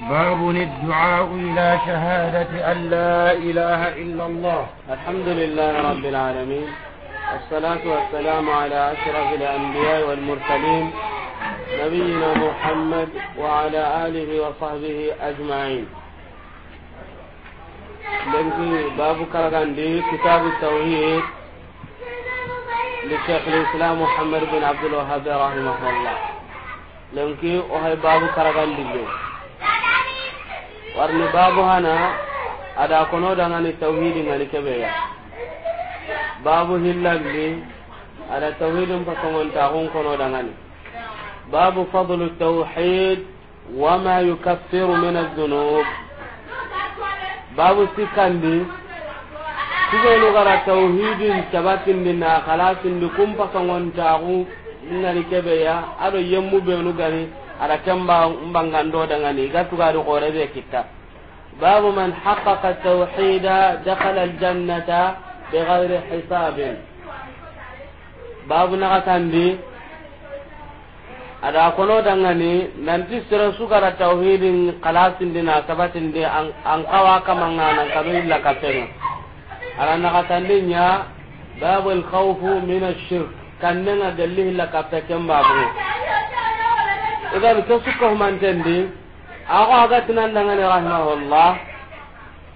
باب الدعاء إلى شهادة أن لا إله إلا الله الحمد لله رب العالمين الصلاة والسلام على أشرف الأنبياء والمرسلين نبينا محمد وعلى آله وصحبه أجمعين لنكي باب كرغاندي كتاب التوحيد للشيخ الإسلام محمد بن عبد الوهاب رحمه الله لنكي وهي باب كرغاندي warni babu hana ada kono dangani tauhidi ngani kebeya babu hillalli ada tauhidin ta fasogontaxun kono dangani babu fadlu tauhid wama yukaffiru min adunub babu sikkandi sigonu gara tauhidin cabatindi na halasindi kun fasogontaxu ngani kebeya aɗo yemmu benu gari. ada kemba mbangando dangani ga tugado gore be kitta babu man haqqaqa tawhida dakhala aljannata bighairi hisabin babu naga kandi ada kono dangani nanti sira sugara tauhidin qalasin dina sabatin de an kawa kamanga nan kanu illa katenga ala naga nya, babu alkhawfu min ashirk kannenga galli illa kapta kemba bu idan ke sukko mantendi ako aga tinandangani rahimahullah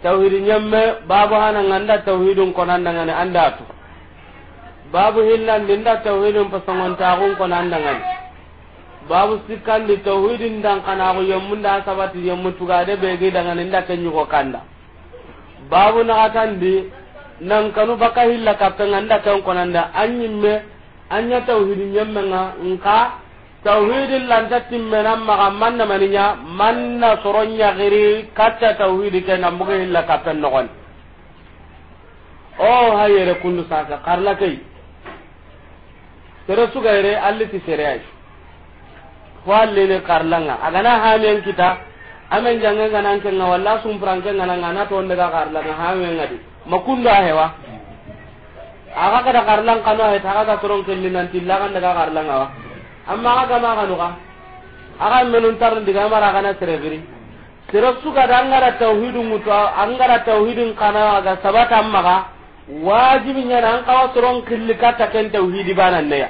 tawhidi nyemme babu hana nganda tawhidun konandangani andatu babu hillandi nda tawhidun pasongontagun ngani babu sikkandi tawhidin dankanaku yommu nda sabati yommu tugade begi dangani nda ko kanda babu na nan kanu baka hilla kappenga nda ken konanda anyimme anya tawhidi nga nka tawhidin lanta timmenan maga manna maninya manna soronya giri katta tawhidi ke nambuga illa kapen nogon o oh, hayere kundu saka karla kai sere suga yere alliti sere ay ko allene karlanga agana hamen kita amen jange ngana nga walla sum franke ngana ngana to ndega karlanga hamen ngadi makunda hewa aga kada karlang kanu he taga ka soron kellinan tillaga ndega nga wa amma ga gama ga nuga aga menun tar diga mara kana serebiri sereb suka da angara tauhidun mutu angara tauhidun kana aga sabata amma ga wajibi nya nan kawa soron killikata ken tauhidi banan ne ya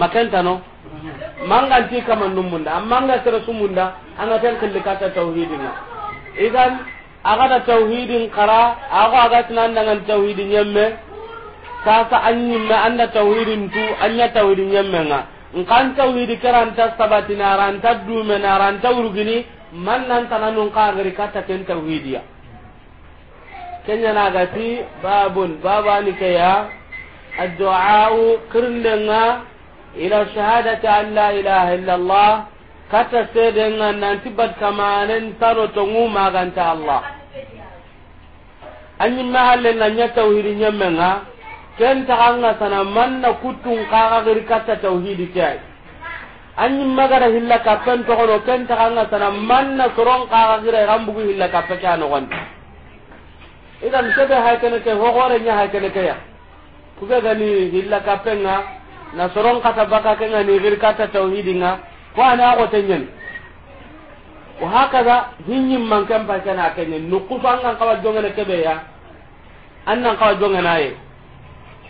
makanta no mangan ti kaman num munda amma ga sere sumunda anga tan killikata tauhidin idan aga da tauhidin kara aga aga tinan dangan tauhidin yemme sasa anyimme anda tawhidin tu anya tawhidin nyemmenga nkan tawhidi karanta sabati na ranta dume na ranta urugini man nan tananun ka ngari kata ken tawhidiya kenya na gati babun babani kaya addu'a kirndenga ila shahadati an la ilaha illallah kata sedenga nanti bad kamanen taro tongu maganta allah anyi halle na nya tawhidi nyemmenga ken taxanga sana man manna kuttun kaxa xiri katta tawhidi ke ay anyi magara hilla kappen toxono ken taxanga sana man na soron kaxa xira xan bugu hilla kappe ke a noxonti idan sebe hay kene ke hoxore nya hay kene ke ya kube gani hilla kappenga na soron kata baka kenga ni xiri katta tawhidi nga ko ana a xote ñani wa hakaza hinyin man kan pa kana kenye nukufa an kan kawa jongene kebe ya an nan kawa jongena ye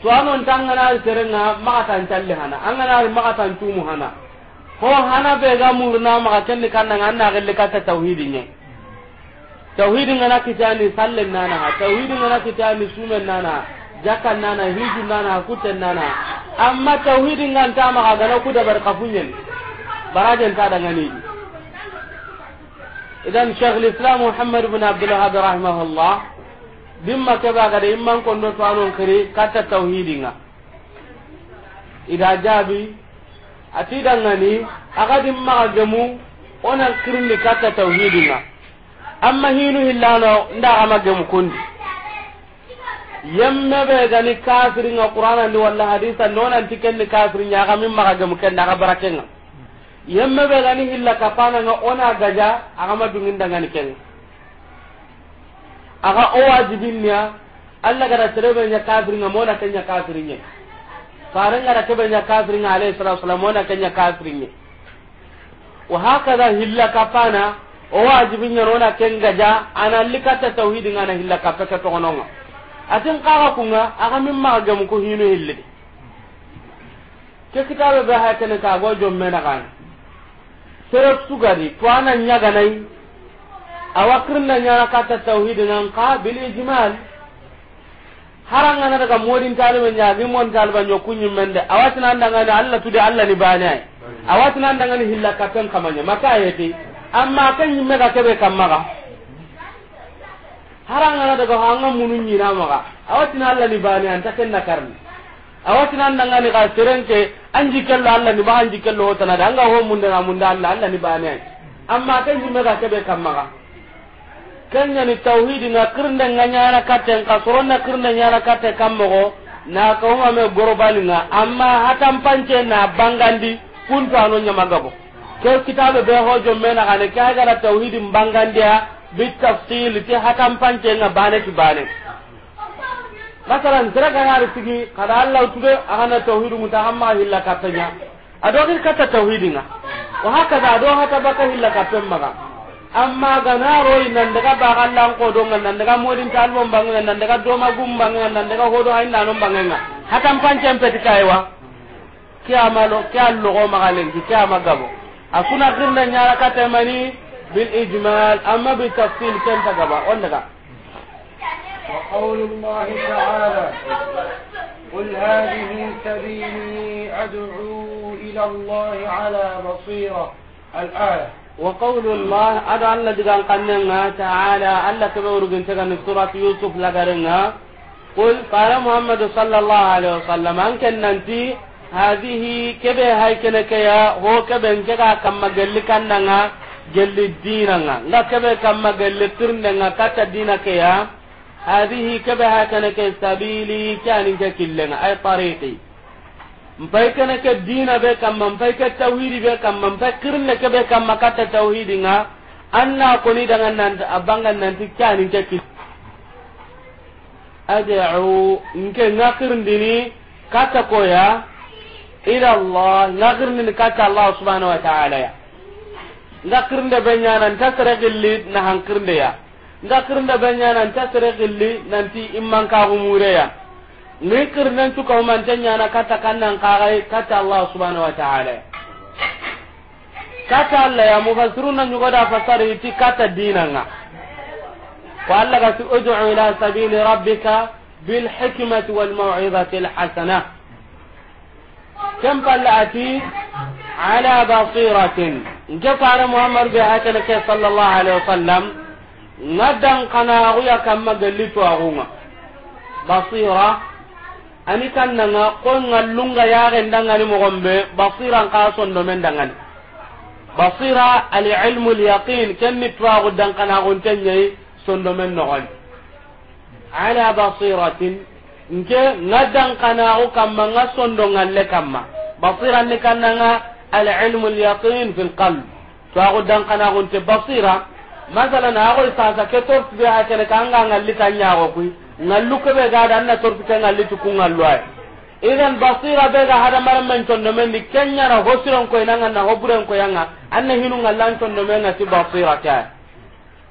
to anon tangana serenga maka tan talle hana angana maka tan tumu hana ko hana be ga murna ni kan nan anna gelle kata tauhidi nye tauhidi ngana kitani sallen nana tauhidin ngana kitani sumen nana jakan nana hiju nana kuten nana amma tauhidin ngan ta ga na ku bar barkafunyen barajen ta ni idan Sheikh Islam Muhammad ibn Abdul rahimahullah bimma ke ba gada imman do to anon kiri katta tauhidinga ida jabi ati dangani aga dimma ga gemu ona kirni katta tauhidinga amma hinu hillano nda ama gemu kundi yemme be gani kafiringa qur'ana ni wala hadisa non nona tikenni nya aga mimma ga gemu ken daga barakenga yemme be gani hilla kapana nga ona gaja aga madungin dangani kenga aga o wajibinniya allah gara terebe nya kafiringa mona kenya kafirinye faran gara kebe nya kafiringa alayhi salatu wasalam mona kenya kafirinye wa hakaza hilla kapana o wajibinya rona kenga ja ana likata tauhid ngana hilla kapaka to gononga atin kaga kunga aga mimma ga mu ko hinu hillidi ke kitabe ba hakana ka go jomme na kan serep sugari to ana nyaga nai awa kirnda nyana kata tauhid nan ka bil ijmal haranga na daga modin talibe nya ni mon taliba nyo kunyin mende awati nan daga ni Allah tude Allah ni bana awati nan daga ni hilla katan kamanya maka yeti amma kan yimme ga kebe kamaga haranga na daga hanga munun nyina maga awati nan Allah ni bana an taken na karni awati nan daga ni ga serenke anji kello Allah ni ba anji kello hotana daga ho munda na munda Allah Allah ni bana amma kan yimme ga kebe kamaga kanya ni tauhidi na kirnde nga nyana kate ka soronna kirnde nyana kate kammogo na ko huma me gorobali nga amma hata mpanche na bangandi kunto ano nyamagabo ke kitabe be hojo mena kane ka gara tauhidi mbangandia bit tafsil ti hata mpanche nga bane ti bane masalan sira ka hari tigi kada allah tude ahana tauhidu mutahamma hilla katanya adogir kata tauhidi nga wa hakaza ado hata baka hilla katemma amma gana roi nan daga ba bagallan ko don nan daga modin talbon bangen nan daga doma gum bangen nan daga hodo hay nanon bangen hatan pancen peti kaiwa kiyama lo kiyallo go magalen ki kiyama gabo asuna girna nyara katamani bil ijmal amma bi tafsil kan ta gaba on daga وقول الله تعالى قل هذه سبيلي أدعو إلى الله على بصيرة الآية wa qawlu allah ado allah digan kannenga ta'ala allah kebe urgintegani surat yusuf lagarenga قل قال محمد صلى الله عليه وسلم أن كننتي هذه كبه هاي كنكيا هو كبه انكا كما جل كننا جل ديننا لا كبه كما جل ترننا كتا دينكيا هذه كبه هاي كنكيا سبيلي كان انكا كلنا أي طريقي mpai kana ke dina be kamma mpai ke tawhidi be kamma mpai kirne ke be kamma kata tawhidi nga anna koni dangan nan abangan nan tikani ke kis ad'u nke ngakirndini kata ya ila allah ngakirndini kata allah subhanahu wa ta'ala ya ngakirnde be nyanan ta sere gilli na hankirnde ya ngakirnde be nyanan ta sere gilli nanti imman ka humure ya ni kirnen cuka umante nyana kata kannan kagai kata Allah subhanahu wa ta'ala kata Allah ya mufassiruna nyugo da fasari ti kata dinanga wa Allah ga su ud'u ila sabili rabbika bil hikmati wal maw'izati al hasana kam palati ala basiratin nge fara muhammad bi hakala ke sallallahu alaihi wasallam ngadan kana ya kamma galli to agunga basira ani kannanga ko ngallunga yaren dangani mogonɓe basiran ka sondomen dangani basira alilmu lyaqin kenni twagu dankanaguntenñayi sondomen nogoni ala basiratin nke nga dankanagu kamma nga sondo ngalle kamma basiranni kannanga alilmu lyaqin fi lqalb twagu dankanagunte basira masalan agoy sasa ke tosbe akene kanga ngalli tanñago kuy ngallu ko be ga dan na tortu ke ngalli tu kun ngallu ay idan basira be ga hada maran men ton men ni kenya ra hosiron ko inanga na hoburen ko yanga anna hinu ngallan ton no men ati basira ka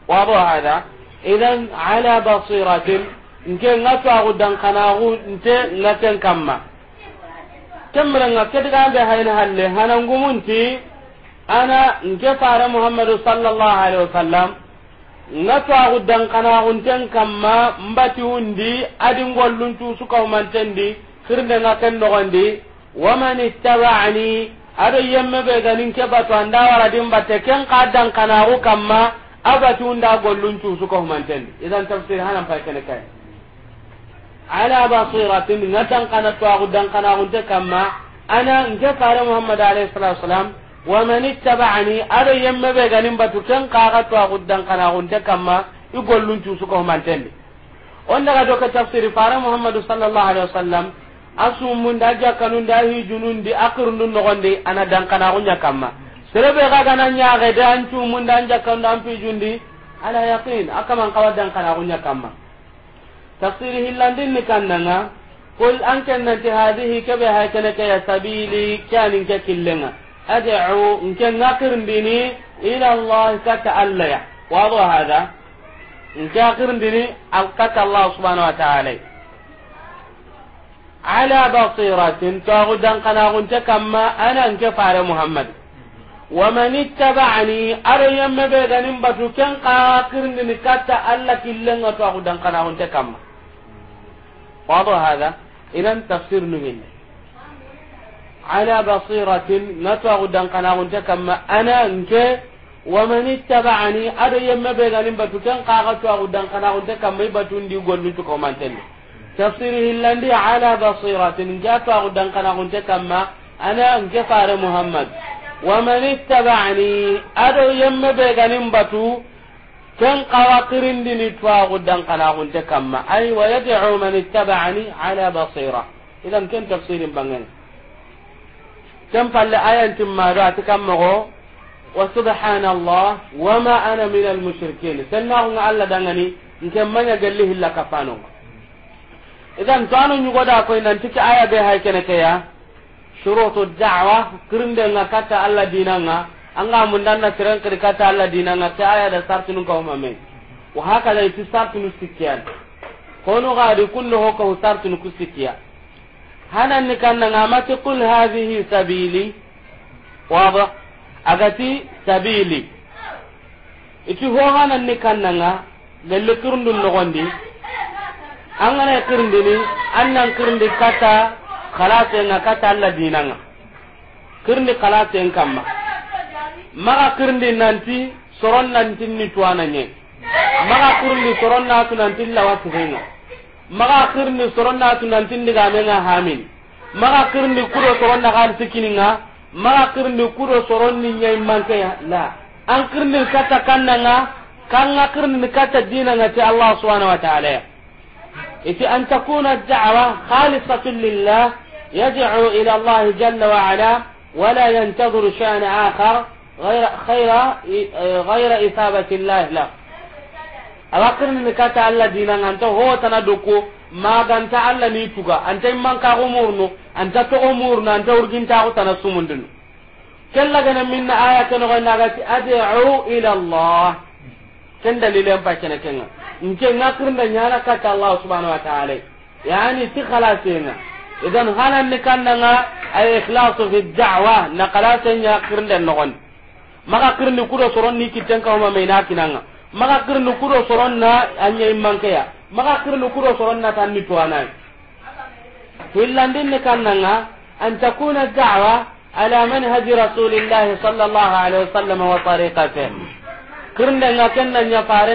wa ba hada idan ala basiratin nke ngatu agu dan kana agu nte ngaten kamma kemra nga ga be hayna halle hanan gumunti ana nke fara muhammadu sallallahu alaihi wasallam nga twaxu dankanaxunten kamma mbatiwundi adingolluncu sukaumantendi xirndenga ken noxondi waman ittabacani ado yemme ɓe ganin ke batu anda waradin batte ken ka dankanaxu kamma a man golluncu sukaumantendi idan tafsir hanan pay kene kay ala basiratin nga dankana twaxu dankanaxunte kamma ana nke fare muhammad alayhi salatu wasalam wa man ittaba'ani ado yemme be ganin batu ken kaga to aguddan kana gunte i gollun cu suko mantendi on daga doka tafsiri fara muhammadu sallallahu alaihi wasallam asumun da jakkanun da hijunun di akirnun nogondi ana dankana gunya kamma serebe ga gana nya ga dan cu mun dan jakkan dan pijundi ala yaqin akaman kawadan kana gunya kamma tafsiri hillandin ni kannanga kul an kanna ti hadhihi kabe ha kana ka ya sabili kanin ad'u nke ngakirndini ila allah kata allah ya wado hada nke akirndini alkata allah subhanahu wa ta'ala ala basiratin tawu dan kana gunta kamma ana nke fare muhammad wa man ittaba'ani arayyam be ganin batu kan qakirndini kata allah killenga tawu dan kana gunta kamma wado tafsir ala basiratin natagu dankanagunte kamma ana nke waman ittaba'ani ado yemme be ganin batu ken kaga tagu dankanagunte kamma ibatundi gollu tukomantenne tafsir hillandi ala basiratin nke tagu dankanagunte kamma ana nke fare muhammad waman ittaba'ani ado yemme be ganin batu ken kawa kirindini tagu dankanagunte kamma ay wa yad'u man ittaba'ani ala basira idan ken tafsirin bangani كم قال آية ما رأت كم غو وسبحان الله وما أنا من المشركين سنه الله دعني إن كم من قال له إلا كفانه إذا تانو نقول أكو إن تك آية بها كنكيا شروط الدعوة كرند إن كتا الله ديننا أنا من دنا كرند كتا الله ديننا كآية دستار تنو تنكم أمين وهكذا تنو سكيا كونو غادي كله هو تنو كسكيا hananni kannanga amati qul hadhihi sabili wada agati sabili iti ho hananni kannanga gelle kirndun nogondi an gana kirndini an nan kirndi kata kalasenga kata alla dinanga kirndi kalasen kamma maga kirndi nanti soron ni nantinni tuwananye maga kirndi soron na natu nantin lawa sihenga maga kirni soronna tunantin diga menga hamin maga kirni kan maga kirni nyai manke la an kirni kata kannanga kanga kirni kata dina ngati Allah subhanahu wa ta'ala iti an takuna dawa khalisatan lillah yad'u ila Allah jalla wa ala ولا ينتظر شأن آخر غير خير غير إثابة الله له ni kata allah dinanga anta tana doko maganta allah ni tuga anta ka murno anta to murno anta urgintaxo tana kella gana minna aya kenoxoynagati ad'u ila Allah ken dalilen na kenga nke ngakirnda ñana katta allah subhanahu wa taala yani ti khalasena idan hananni kannanga ay ikhlasu fi dawa na halasen ñakirnden noxondi maga kirni kudo ma mai na kinanga maka kirni kudo soronna anya immankeya maka kirni kudo soronna tanni tuwanai hillandin ni kannanga an takuna da'wa ala manhaji sallallahu alaihi wasallam wa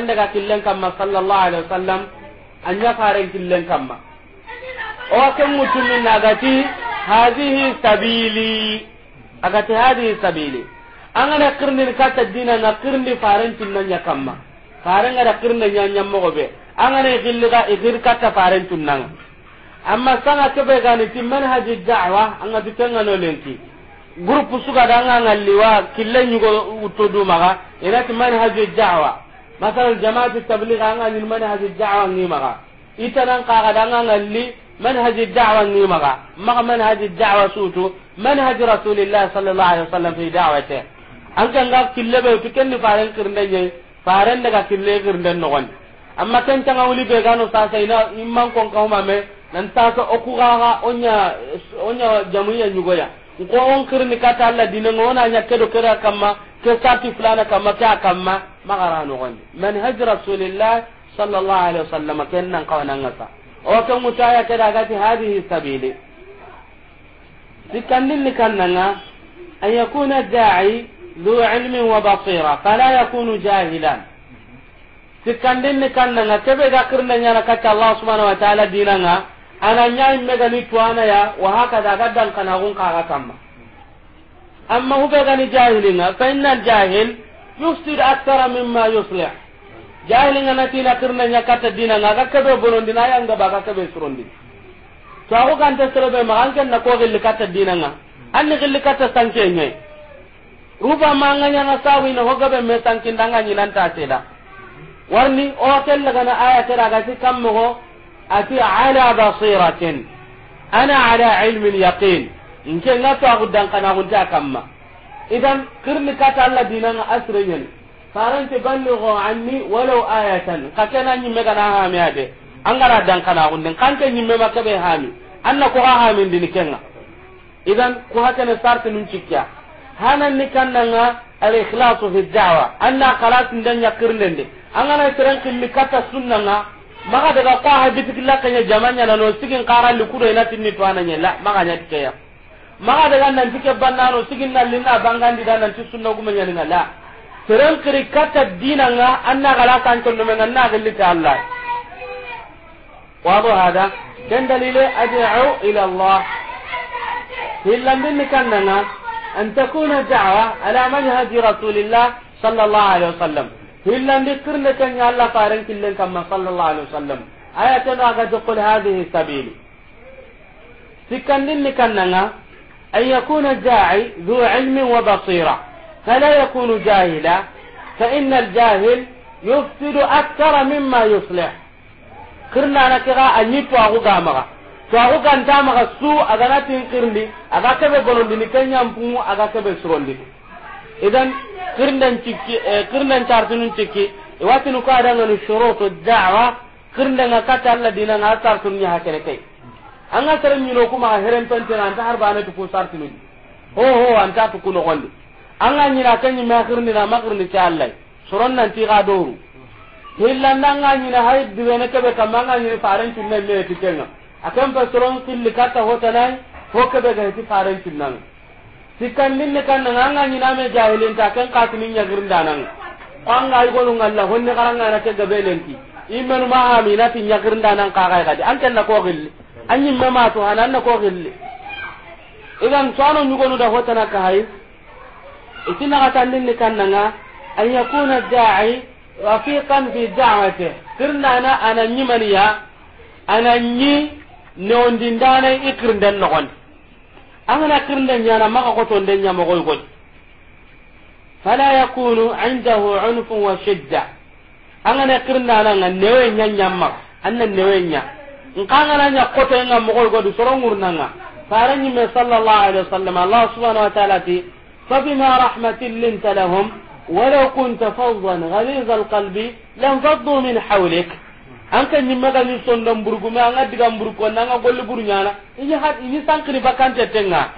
nga killen kamma sallallahu alaihi wasallam anya faren killen kamma o mutumin nagati hadhihi sabili agati hadhihi sabili angana kirndini katta dina na kirndi faren tunna nya kamma faren ngada kirnda nya nya mogo be angana igilli ga igir katta faren tunna amma sanga kebe gani ti manhaji da'wa an anga dukenga no lenti groupe suga da anga ngalliwa kille nyugo utodu maga ina ti manhaji da'wa masalan jama'atu tabligh anga ni manhaji da'wa ni maga ka kaga da anga li manhaji da'wa ni maga maga manhaji da'wa sutu manhaji rasulillah sallallahu alaihi wasallam fi da'watihi an kan ga kille be to ken ni faran kirnde nye faran daga kille kirnde no gon amma ken tanga wuli be gano sa sai na imman kon ka huma me nan ta ka oku ga ga onya onya jamuya nyugo ya ko on kirni kata Allah dinan ngona nya kedo kera kamma ke sati fulana kamma ta kamma magara no gon man hajj rasulillah sallallahu alaihi wasallam ken nan kawana ngasa o kan mutaya kada gati hadihi sabili sikandin ni kannanga an yakuna da'i ذو علم وبصيرة فلا يكون جاهلا تكندن كننا كبه ذكرنا نيانا كتا الله سبحانه وتعالى ديننا أنا نيانا مغني توانا يا وهكذا غدا كان أغن كما أما هو بغني جاهلنا فإن الجاهل يفسد أكثر مما يصلح jahilin na tina kirna nya kata dina nga ka kebe bonon dina ya nga ba ka kebe suron dina to aku kan ta sere be ma an kan na ko gilli kata dina nga an ni gilli kata sanke nye ruba manganya na sawi na hoga be metan kindanga ni ta teda warni o tella na aya tera ga ti kammo go ati ala basiratin ana ala ilmin yaqin nke nga to agu dan kana gun ta kamma idan kirni kata Allah dinanga asriyan farante ballighu anni walau ayatan ka kana mega na ha mi ade angara dan kana gun den kanke nyimme makabe ha mi anna ko ha ha min din kenga idan ko hakana sartu nun cikya hanan ni kannanga al ikhlasu fi da'wa anna khalas ndan yakirnde angana tren killi kata nga maka daga ko ha bitikilla kanya jamanya na no sigin li kudo ina tinni to ananya la maka nya tikeya maka daga nan tike no sigin na linna bangandi dan nan tisunna menya na la tren kiri kata dinanga anna khala kan to men anna galli ta allah wado hada dan dalile ad'u ila allah hillandin kannanga أن تكون الدعوة على منهج رسول الله صلى الله عليه وسلم إلا ذكر لك أن الله فارن كل كما صلى الله عليه وسلم آية الله تقول هذه السبيل سكن أننا أن يكون الداعي ذو علم وبصيرة فلا يكون جاهلا فإن الجاهل يفسد أكثر مما يصلح كرنا نكرا أن يتوى غامرة to aku ganta maka su aga na tinkirndi aga kebe golondini ke ñampungu aga be surondi idan kirnan cikki eh, kirnden cartunun cikki iwatinu ko adangani shurutu dawa kirndenga ta allah dinanga a sartunu ñaha kene kay anga sere ñino kumaga herenpentena anta har baneti ho ho an ta tuku nogondi anga an ke ñimme a ni ma na ma kirni ta allah nan ti ga ga ni na haid hay diwene ka be kamanga ni faran cunne le tikenga akan pasoron killi kata hotanai hokebe gaiti faren nin sikkan ninne kannanga anga ñiname jahilinta ken katinin ñagirndananga anga igonungalla honne karangana ke gabelenti imenu mahaminati ka ga gadi an kenna ko xilli a ñimme matu hana anna ko xilli igan soano ñugonuda hotana kahay itinakatanninni kannanga an yakuna dai rafiqan fi dawate girndana ana ñimaniya ana yi newondindane i kirnden nogondi angana kirnden ñana maka kotonden ñamogoy godi fala yakunu indahu unfun wa shidda angana kirndananga newe ña ñammaka anna newe ña nkangananya kotoenga mogoy godi sorongurnanga faranñime sallallahu alaihi wasallam allah subhanahu wa taala ti fabima rahmatin linta lahum ولو كنت فظا غليظ القلب لانفضوا من حولك an kan maga ni sonda burgu me anga diga burgu na anga golli buru nyana ini hat ini sankri bakante tenga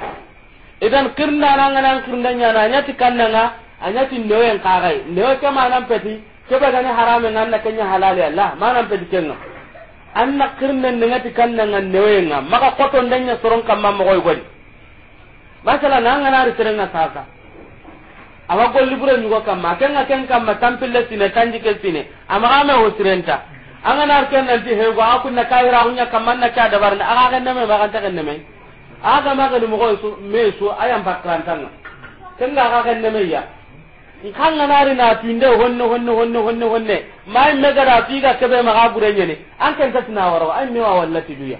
idan kirna na anga nan kirna nyana anya tikanna nga anya tin newen kagai newe ke manan peti ke ba gani haramen nan na kenya ya allah manan peti kenna anna kirna nga kanna nga newe nga maka koto ndenya soron kamma mo goy godi masala na anga na ritirenga sasa awa golli buru nyugo kamma kenga kenga kamma tampille sine tanjike sine o hosirenta anga nar ken nan ti hego aku na kaira hunya kaman na ka dabar na aga kan neme makan ta kan neme aga maga mu ko su me su ayam bakran tan ken ga aga kan neme ya kan na nari na tinde honno honno honno honno honne mai mega da fi ga kebe maga gure ne an kan ta tuna waro ai wa wallati duya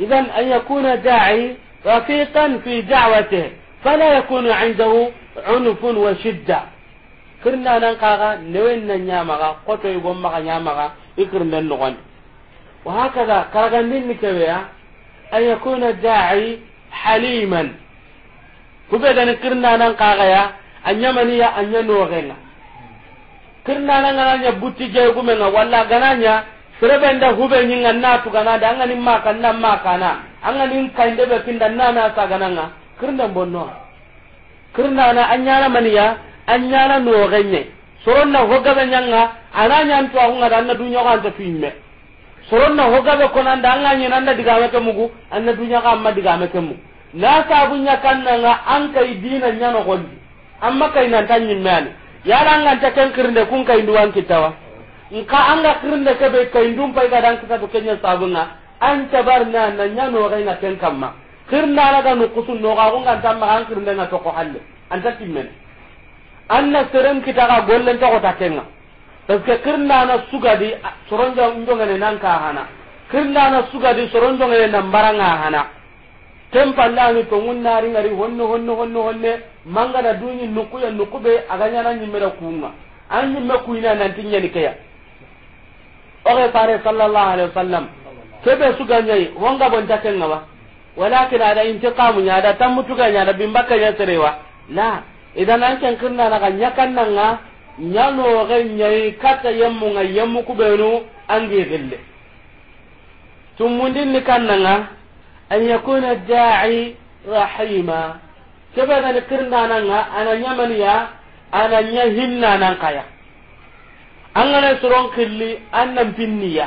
idan an yakuna da'i rafiqan fi da'watihi fala yakunu 'indahu 'unfun wa shidda kirna nan kaga newen nan nyamaga kotoy gomma ka nyamaga ikirnden nogondi wa hakaza karagandinni keɓeya an yakuna dai haliman kube gani kirndanan kaxaya a ñamaniya a ña nooxenga kirndanangananya butti jeygumenga walla gananya serebenda huɓeñinga natuganade a ngani makanna makana a nganin kayndeɓe kinda nana sagananga kirnden bonnoa kirndana a ñanamaniya a ñana nooxenñe soronna hogabe nyanga ananya antu ahunga danna dunya ko anta fimme soronna hogabe konanda anganya nanda digame ke mugu anna dunya ka amma digame ke mugu na sabunya nga an kai dina nyano gondi amma kai nan tan nyimmani yala an ta kan kirnde kun kai duwan kitawa nka an ga kirnde ke be kai dum pai ga dan kita to kenya sabunga an tabarna na nyano ga ina ken kamma kirnda ala ga nukusun no ga gonga ma an kirnde na to ko halle an ta timmen anna serem kita ga gollen to ko takenga parce que kirna na sugadi soronjo ndongane nan ka hana kirna na sugadi soronjo ngene nan baranga hana tempa lani to ngunnari ngari honno honno honno honne manga da duni nuku ya nuku be aganya na nyimera kuma an nyimme ina nan tinya ni kaya oge pare sallallahu alaihi wasallam kebe suganyai wonga bon takenga wa walakin ada intiqamu nya da tammutuga nya da bimbaka nya serewa la idan an ken kirna na ga nyakan nan ga nyano ga nyai kata yammu ga yammu ku benu an ge gille tumundin ni kan nan ga an yakuna da'i rahima kebe ga ni kirna nan ga ana nyamani ya ana nya hinna nan kaya an ga suron killi an nan pinniya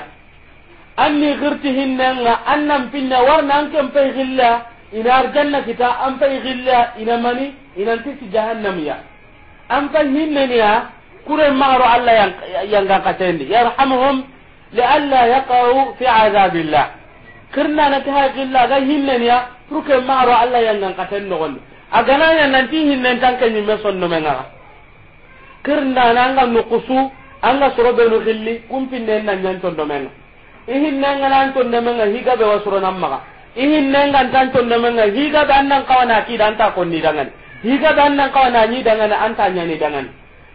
an ni girti hinna ga an nan pinna warna an kan pe gilla ina arjanna kita an fa igilla ina mani ina tisi ya. an fa hinnaniya kure magaro allah yang yang katendi yarhamuhum li alla yaqau fi azabillah kirna na ta gilla ga hinnaniya ruke magaro allah yang katendi gondi agana ya nanti hinnen tanke nyimme sonno menga kirna na nga nukusu anga sorobe no hilli kumpinne nan nan nyanto do menga ihinna nga nan to menga higa be wasoro namaga ihin nga tan ton namenga higa dan nan kawana ki dan ta ni dangan higa dan nan kawana ni dangan ta nya ni dangan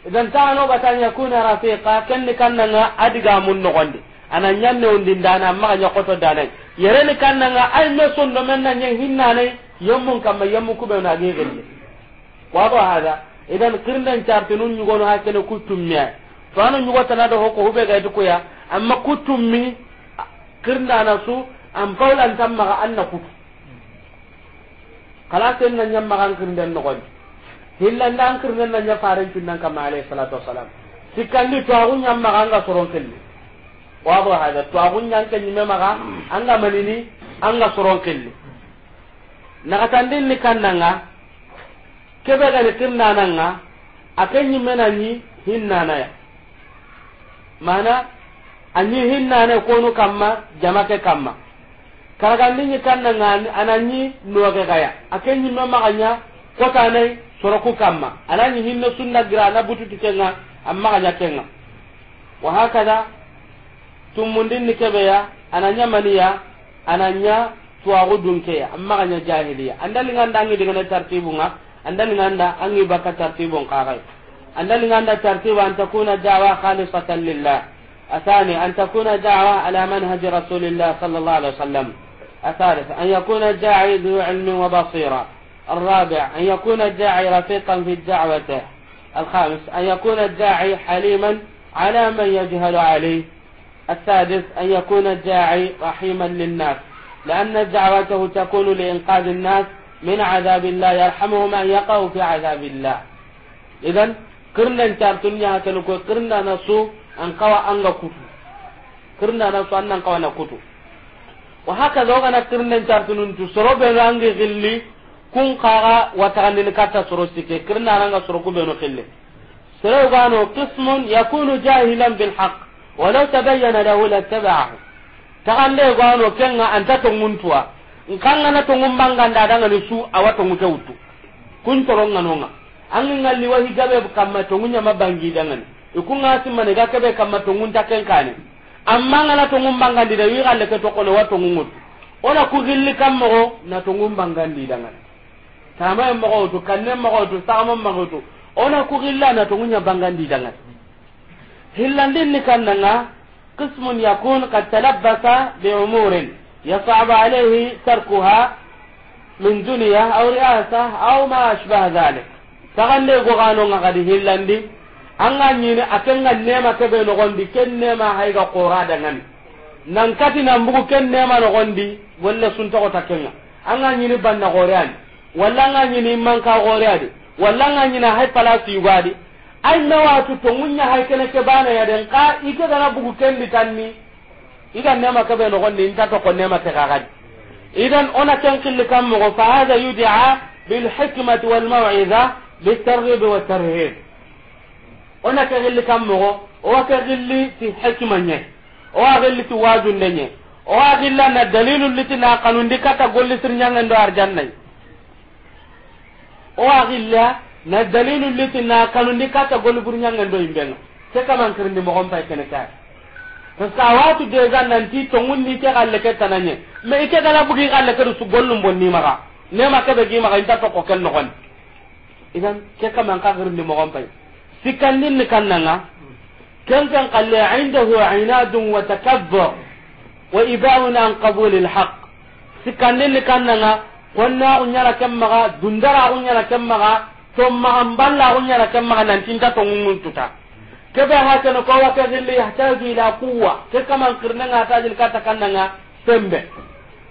idan ta no ba batanya kuna rafiqa kan nan adiga mun no gonde anan ne undin an ma nya koto dana yere ni nan ay me sun do men nan na ne yammun kamma yammu kube na ge gelle wa ba hada idan kirndan chartinun nyugo no hakene kutummiya to anu nyugo tanado hoko hube ga dukuya amma kutummi kirndana su an faulan tan maga anna kutu kala sen nan nyam magan kirnden no gon hillan dan kirden nan nya faran nan kama alayhi salatu wassalam sikandi to agun nyam magan ga soron kelli wa ba hada to agun nyam kan nyime maga anga manini anga soron kelli naga kan ni kannanga kebe ga kirna nanga akan nyime nani hinna na ya mana anyi hinna ne konu kamma jamake kamma karagandi ni kanna ngani ananyi noge gaya akenyi mama kanya kota na soroku kama ananyi hinno sunna gira na butu tikenga amma kanya kenga wa hakada tumundin ni kebeya ananya maniya ananya tuwagu dunkeya amma ganya jahiliya andali nganda angi dengan tartibu nga andali nganda angi baka tartibu ngakai andali nganda tartibu antakuna dawa khalisatan lillah athani an takuna dawa ala manhaji rasulillah sallallahu alaihi wasallam الثالث أن يكون الداعي ذو علم وبصيرة الرابع أن يكون الداعي رفيقا في دعوته الخامس أن يكون الداعي حليما على من يجهل عليه السادس أن يكون الداعي رحيما للناس لأن دعوته تكون لإنقاذ الناس من عذاب الله يرحمهم أن يقعوا في عذاب الله إذا قرنا تارتنيا الدنيا قرنا نسو أن قوى أن كتو قرنا نسو أن قوى wa haka zo kana kirnen tartunun tu soro be rangi gilli kun kaga watagandini katta soro sike kirna ranga soro ku no khille soro no qismun yakunu jahilan bil haqq law tabayyana lahu ande ga no kenga anta to in nkanga na to ngumbanga da ni su awato ngutautu kun toronga nga. angin ngalli wahi gabe kamma to ngunya mabangi dangani ikunga simane ga kebe kamma to ngunta kenkani amma ngana to ngumbangandi da wi galle ke to kono wato ngungut ona ku gilli kam mogo na to ngumbangandi da ngana tama en ko to kanne ko to mo ko to ona ku gilla na to ngunya bangandi da ngana hillandin ni kannanga qismun yakun qad talabbasa bi umurin yasab alayhi tarkuha min dunya aw ri'asa aw ma ashbaha dhalik tagalle go ganonga kadi hillandi anga nyini akenga nema kebe no gondi ken nema hayga qora dangani nan kati nan bugu ken nema no gondi walla sunta ko takenga anga nyini banna goreani walla anga nyini manka goreani walla anga nyini hay palasi yugadi ay nawatu to munya hay kene ke bana ya den ka ike dana bugu ken ditanni iga nema kebe no gondi inta to ko nema te gagadi idan ona ken kille kam mo fa hada yud'a bil hikmati wal maw'iza bil targhib wat tarhib ona ke gilli kam mogo o wa ke gilli ti hikma nye o wa gilli ti wajunde nye o wa gilla na dalilu liti na kanundi kata golli sir nyanga ndo arjanna o wa gilla na dalilu liti na kanundi kata golli bur nyanga ndo imbenga ke kaman kirndi mogo mpa kene kay parce que nan deja nanti tongundi ke galle ke tananye me ike gala bugi galle ke su gollum bonni maga nema ke be gi maga inta to ko ken no gon idan ke kaman ka kirndi mogo mpa tikandin ni kannanga ken kan qalle indahu inadun wa takabbur wa ibaun an qabul al haqq tikandin ni kannanga konna unyara kemmaga dundara unyara kemmaga to ma amballa unyara kemmaga nan tinta to nguntuta kebe hatano ko wa li yahtaju ila quwwa ke kaman kirnanga jil kata kannanga sembe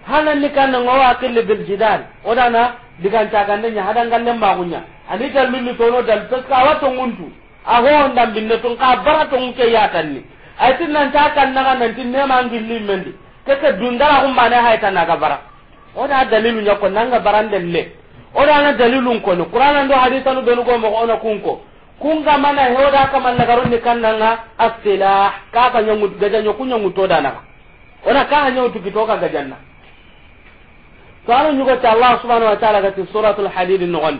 halan ni kannanga wa qilli bil jidal odana digan tagandenya hadan gannen kunya ani dal minni tono dal peska wa to nguntu aho ondan binne tun ka bara tun ke ya tanni ay tin nan ta kan na nan tin ne man gilli mendi ke dundara hum bana hay tan naga bara da dalilu nya ko baran barande le da na dalilu ko no qur'ana ndo hadithanu benu ko mo ona kunko ga mana man na lagaron ni kannanga asilah ka ka nyangu gaja nyoku nyangu to dana ona ka hanyo ka gajanna to anu nyugo ta allah subhanahu wa ta'ala gati suratul hadid nugal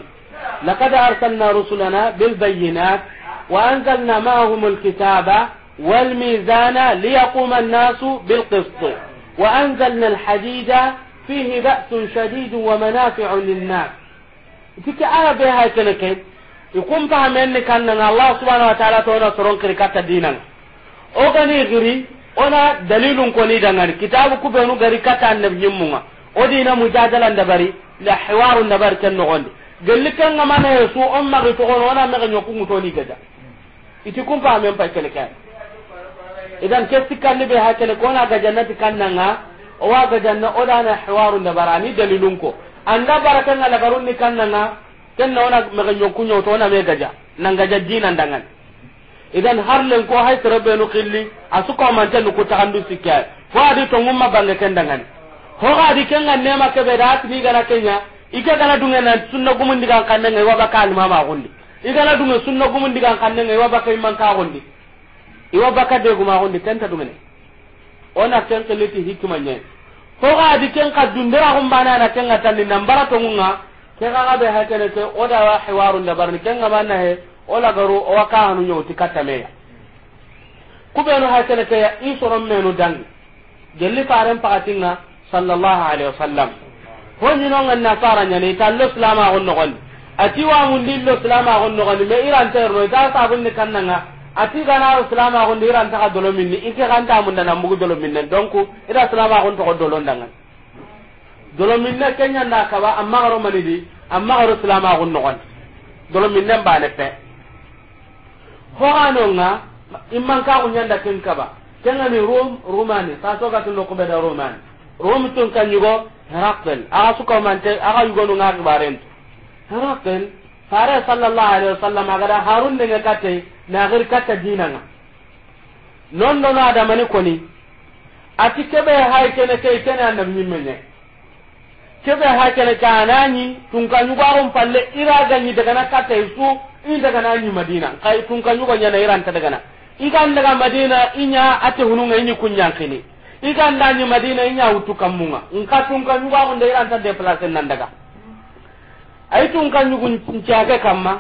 laqad arsalna rusulana bil bayyinati وأنزلنا معهم الكتاب والميزان ليقوم الناس بالقسط وأنزلنا الحديد فيه بأس شديد ومنافع للناس تك آية بها تنكين يقوم فهم أنك أن الله سبحانه وتعالى تونا سرون كركات الدين أغني غري أنا دليل كوني دنان كتاب كبنو غريكات النبي يمونا أدينا مجادلة دبري لحوار دبري نغني قال لك أنا ما نهيسو أمغي تغنونا مغي نقوم توني كذا iti kumpa amen pa kele kan idan ke ni be ha kele ko na ga jannati kannanga o wa ga janna o na hiwaru da barani dalilun ko anda barakan ala garunni kannanga na ona ganyo kunyo to na me gaja nan gaja dinan dangan idan har len ko hay tarabe no qilli asuko man tan ko ta andu sikka fo adi to ngumma bange kendangan ho adi kenga nema ke be rat ni gara kenya ike gana dungena sunna gumun diga kannanga wa bakal ma gundi igana dunga sunna gumun digan kannenga iwa baka imman kagondi iwa baka tenta kenta ne ona ken keliti ne nye ga di ken ka dundera gumbana na ken ga tanni nambara ngunga ke ga be hakene ke oda wa na da barni ken ga manna he ola garu o waka hanu nyoti katame kubenu hakene ke ya isoron menu dangi gelli faren pakatinga sallallahu alaihi wasallam honyinonga nasara nyane itallo slama gonno gondi ati wa mun dillo salama gon no gani me iran ter no ta ta gunni kannanga ati gana salama gon iran ta dolo minni ike kan ta mun dana mugu dolo minne donc ira salama gon to dolo ndanga dolo minne kenya na kaba amma garo manidi amma garo salama gon no gani dolo minne ba ne pe ho anonga imman ka gunya da kin kaba kenga ni rum rumani sa so ga tun ko be da rumani rum tun kan yugo heraklen aga suka mante aga yugo no ngar barent harakil fare sallallahu alaihi wasallam agada harun ne katte na gir katta dinanga non non ada mani koni ati kebe hay kene kay kene annam nyimme kebe ha kene kanani tun kan yugo aron palle ira ganyi daga na katta su in daga na ni madina kai tun kan yugo nyana iran ta daga na igan daga madina inya ate hununga inyi kunyan kini igan da ni madina inya utukamunga in ka tun kan yugo aron da iran ta deplacer nan daga ay tun kan nyugu ntiage kamma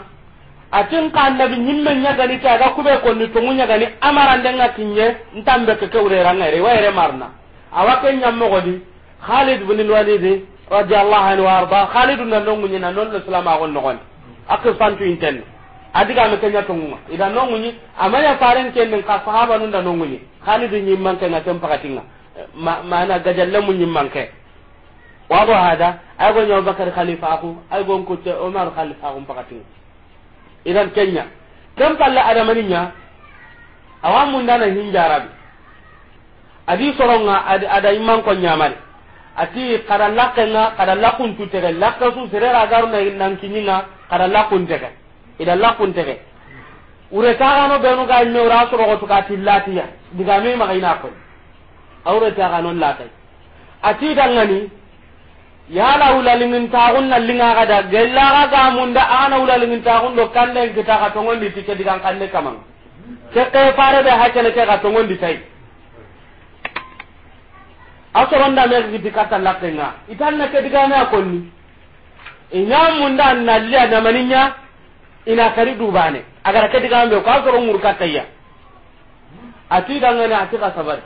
atin ka annabi nyimme nyagani ta ga kube ko ni tungu nyagani amarande nga tinye ntambe ke ke urera ngere wa ere marna awake nyammo godi khalid ibn walid radiyallahu anhu warda khalid nan nongu nyina non la salama gon nogon akko santu inten adiga me kenya tungu ida nongu nyi amanya faren ken den ka sahaba nun da nongu nyi khalid nyimman ke na tempa katinga ma mana gajalle mun nyimman ke wado hada ay go nyaw bakar khalifa ko ay go te omar khalifa ko pakatin idan kenya kam palla adamaninya awam mundana hinjarabi adi soronga ada imman ko nyamari ati kada lakkenga kada lakkun tutege lakka su na garuna nankininga kada lakkun tege ida lakkun tege ure tagano benu ga imme ura sorogotu ka tillatiya digame maga ina ko awre tagano latay ati dalani yala ulalingin taxun na lingaxa da gellaxa gamunda axana ulalingin taxun do kande kita xa di ti ke digan kande kamang ke be ha kene ke xa di tay a soronda megiti nga itan na ke digame a konni ina munda nalli na maninya ina kari dubane agara ke digambe ko a soro murka kattaya ati dangane ati xa sabari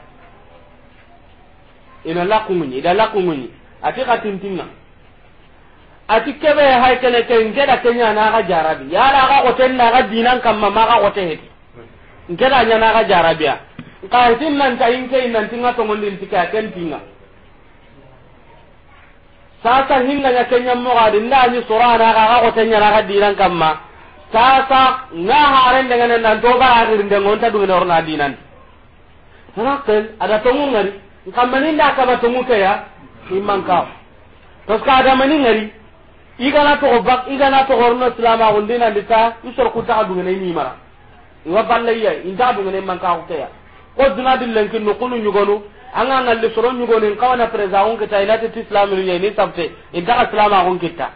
ina lakumuni ida lakumuni ati katintinga ati kebe hay kene ke ngeda kenya na ga jarabi yala ga hotel na ga dinan kamma ma ga hotel heti ngeda nya na ga jarabiya ka tin nan ta in kai nan tinga to ngondin tika ken tinga sa hinna nya kenya mo ga din da ni surana ga ga hotel nya na ga dinan ma sa-sa nga haren dengan nan to ba arin de ngonta du na orna dinan tarakel ada tongu ngari kamanin da ka ba tongu ya imman ka parce que adama ni ngari igana to bak igana to horno islama gundina lita isor ku ta dungene ni mara wa inda adu dungene man ka ko ya ko duna dillen kin no kunu nyugonu anga ngalle soro nyugonu kawana preza on kita ila ti islam ni ni tabte inda islama on kita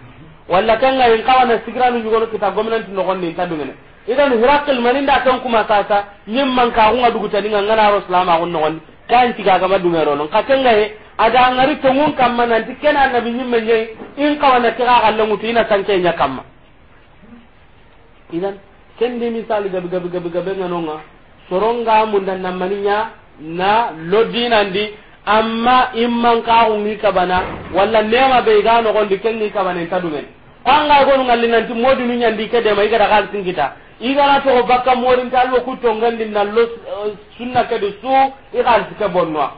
walla kanga in kawana sigranu nyugonu kita gomnanti no ta inta dungene idan hirakil maninda tan kuma sasa nyimman ka hunga dugutani ngana ro islama on no gonde kan tiga ga madumero non katenga he ada ngari tongun kamma nan na bi nyimme nyi in kawana tiga galle mutu ina sanke nya kamma idan kendi misali gabi gabi gabi gabi nganonga soronga mundan namaninya na lodinandi amma imman ka hungi kabana walla nema be ga no gondi kenni kabana ta dumen kwanga gonu ngallinanti modinu nyandi kede mai ga da kalsin kita igana togo bakka morinta alwo ku tongandi nallo eh, sunna kedi su i halsike bonnuwa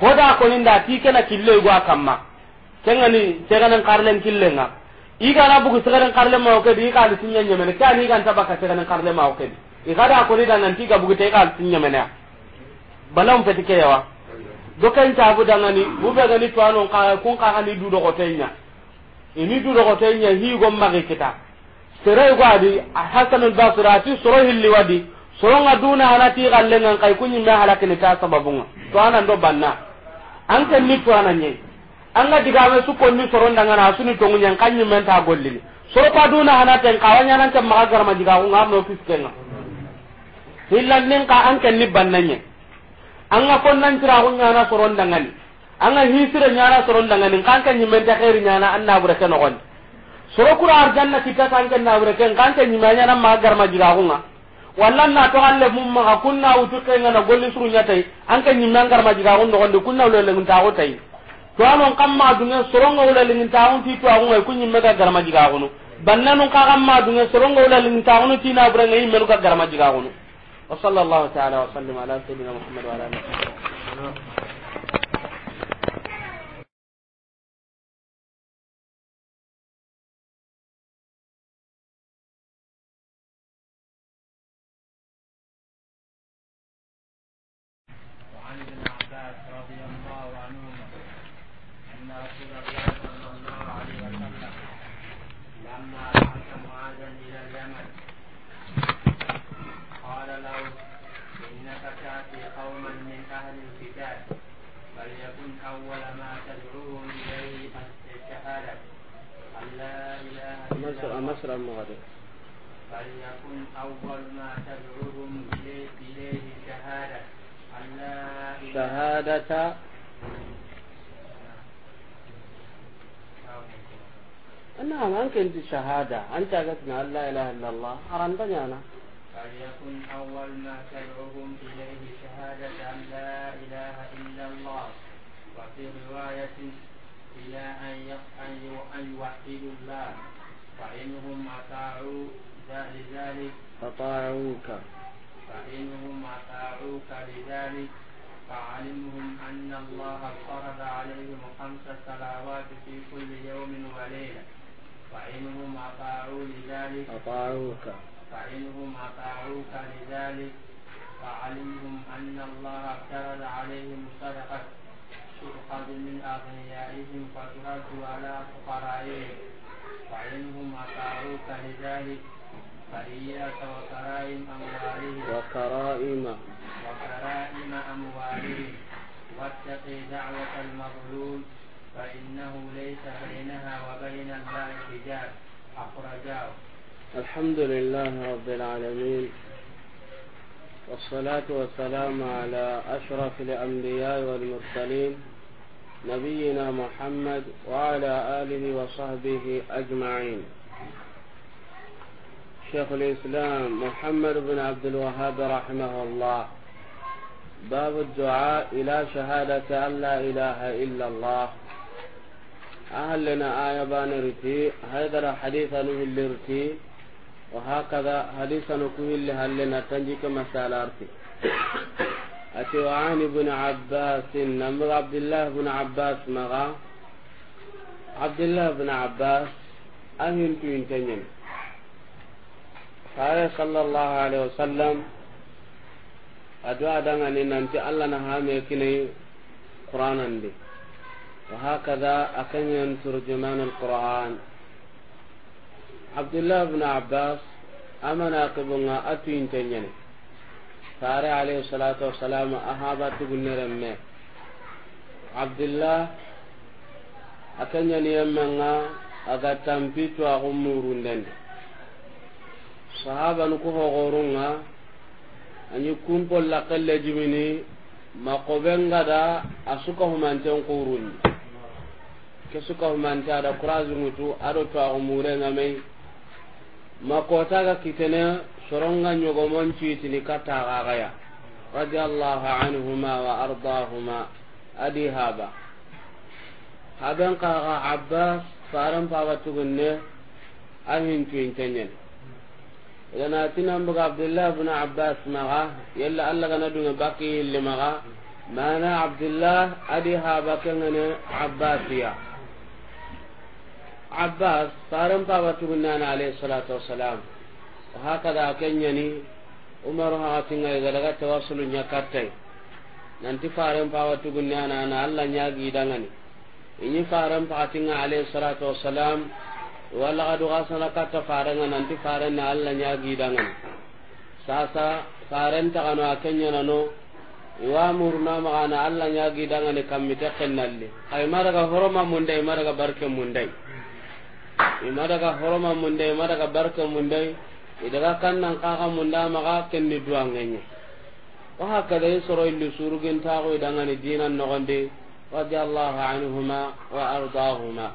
ko koninda ti kena kille igo a kamma kengani segenen karlen killenga igana bugu segenen karle mawo kedi i halisi kan kani iganta bakka segenen karle mawo kedi igada konida nanti ga bugute i halisi ñemenea balawum peti keyewa doken cabu dangani ubegani tuwanon kun kakani dudogoteña ini dudogoteña higo magi kita serai gwadi hasan al-basri ati soro hilli wadi soro nga duna hanati gallengan kai kunyi me ni ta nga to anan do banna an kan ni to anan nyi an ga diga me su ko ni soro ndanga na asuni to ngunya kan nyi men ta golli soro pa duna ten kawanya nan ta ma garma diga ko ngam no fiskenga hillan nin ka an kan ni banna nyi an ga kon nan tira ko nyana soro ndanga ni an ga hisira nyana soro ndanga ni kan kan ni men ta khairi nyana an na bura kan sorokura arjanna kita kanke nawre ken kanke nyimanya na magar majiga hunga wallan na to alle mum ma kunna utu kenga na golli suru nyatai anke nyimangar majiga hun no gonde kunna lele ngunta hotai to anon kamma dunga soronga lele ngunta hun ti to hunga kunni mega gar majiga hunu bannanu ka kamma dunga soronga lele ngunta hun ti na bure ngai melu ka gar majiga hunu wa sallallahu ta'ala wa sallim ala sayyidina muhammad wa ala alihi قال له إنك تأتي قوما من أهل الكتاب فليكن أول ما تدعوهم إليه الشهادة أن لا إله إلا الله مصر المغرب فليكن أول ما تدعوهم إليه الشهادة أن لا إله إلا الله شهادة نعم أنك أنت شهادة أنت قلتنا لا إله إلا الله أرندني أنا فليكن أول ما تدعوهم إليه شهادة أن لا إله إلا الله وفي رواية إلى أن أن يوحدوا الله فإنهم أطاعوا لذلك أطاعوك فإنهم أطاعوك لذلك فعلمهم أن الله فرض عليهم خمس صلوات في كل يوم وليلة فإنهم أطاعوا لذلك أطاعوك فإنهم أطاعوك لذلك فعلمهم أن الله افترض عليهم صدقة تؤخذ من أغنيائهم فترد على فقرائهم فإنهم أطاعوك لذلك فإياك وكرائم أموالهم وكرائم وكرائم أموالهم واتقي دعوة المظلوم فإنه ليس بينها وبين الماء حجاب أخرجاه الحمد لله رب العالمين والصلاة والسلام على أشرف الأنبياء والمرسلين نبينا محمد وعلى آله وصحبه أجمعين شيخ الإسلام محمد بن عبد الوهاب رحمه الله باب الدعاء إلى شهادة أن لا إله إلا الله أهلنا آية بانرتي هذا حديث نهلرتي وهكذا حديث نكوهل هلنا تنجيك مسالارتي أتي وعن ابن عباس نمر عبد الله بن عباس مغا عبد الله بن عباس أهل تنتين قال صلى الله عليه وسلم أدعى دعنا ننتي ألا نهامي كني قرآنا دي وهكذا أكن ترجمان القرآن عبد الله بن عباس أما ناقبنا أتين تنين فاري عليه الصلاة والسلام أهابا تقول رمي عبد الله أكن يمنا aga tampitu axu murundendi sahabanu ku hoxorunga añi kunpolla qelle jimini ma qoɓengada a suka humanten qurundi kesuka humanti ada kurazinŋutu ado twaxu murengame makotaga kitene soronga ñogomon cuitini kattaxaxaya radi allahu anhuma wa ardahuma adi haba haben kaxa abbas faren pabatugunne a hincuinteñen iganatinan buga abdullah bnu abbas maxa yella allah gana dunge bakki hilli maxa mana abdullah adi haba kengene abbasiya abbas faran pabatugunnana alayhi salatu wassalam hakada kenyani umaru hakatinga igadaga nanti allah alayhi salatu wassalam nanti allah sasa allah ay horoma barke imadaga horoma munda imadaga barka munda idaga kannan kaka munda maga kenni duwangenye wa haka hakada isoro illi surugin tago idangani dinan nogonde radiyallahu anhuma wa ardahuma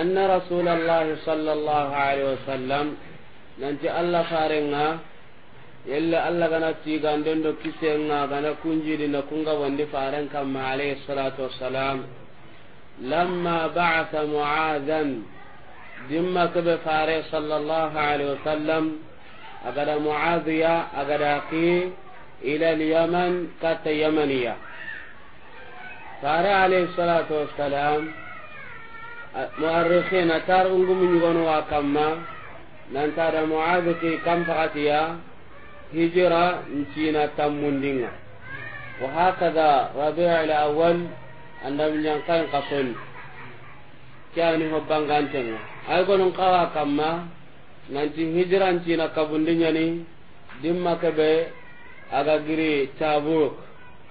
anna rasulallahi sallallahu alaihi wasallam nanti allah farenga yelle allah gana tiganden do kisenga gana kunjidina kunga wandi faren kamma alayhi salatu wassalam لما بعث معاذا دم كبفاري صلى الله عليه وسلم أقد معاذية أقد أقي إلى اليمن كت يمنية فاري عليه الصلاة والسلام مؤرخين أتار أنكم من يغنوا كما ننتار معاذ كم فغتيا هجرة نتينا تم وهكذا ربيع الأول anda minyan kan kasoni kyani ho bangantenga ay gonon kawa kamma nanti hijran cina kabundinya ni dimma kebe aga giri tabuk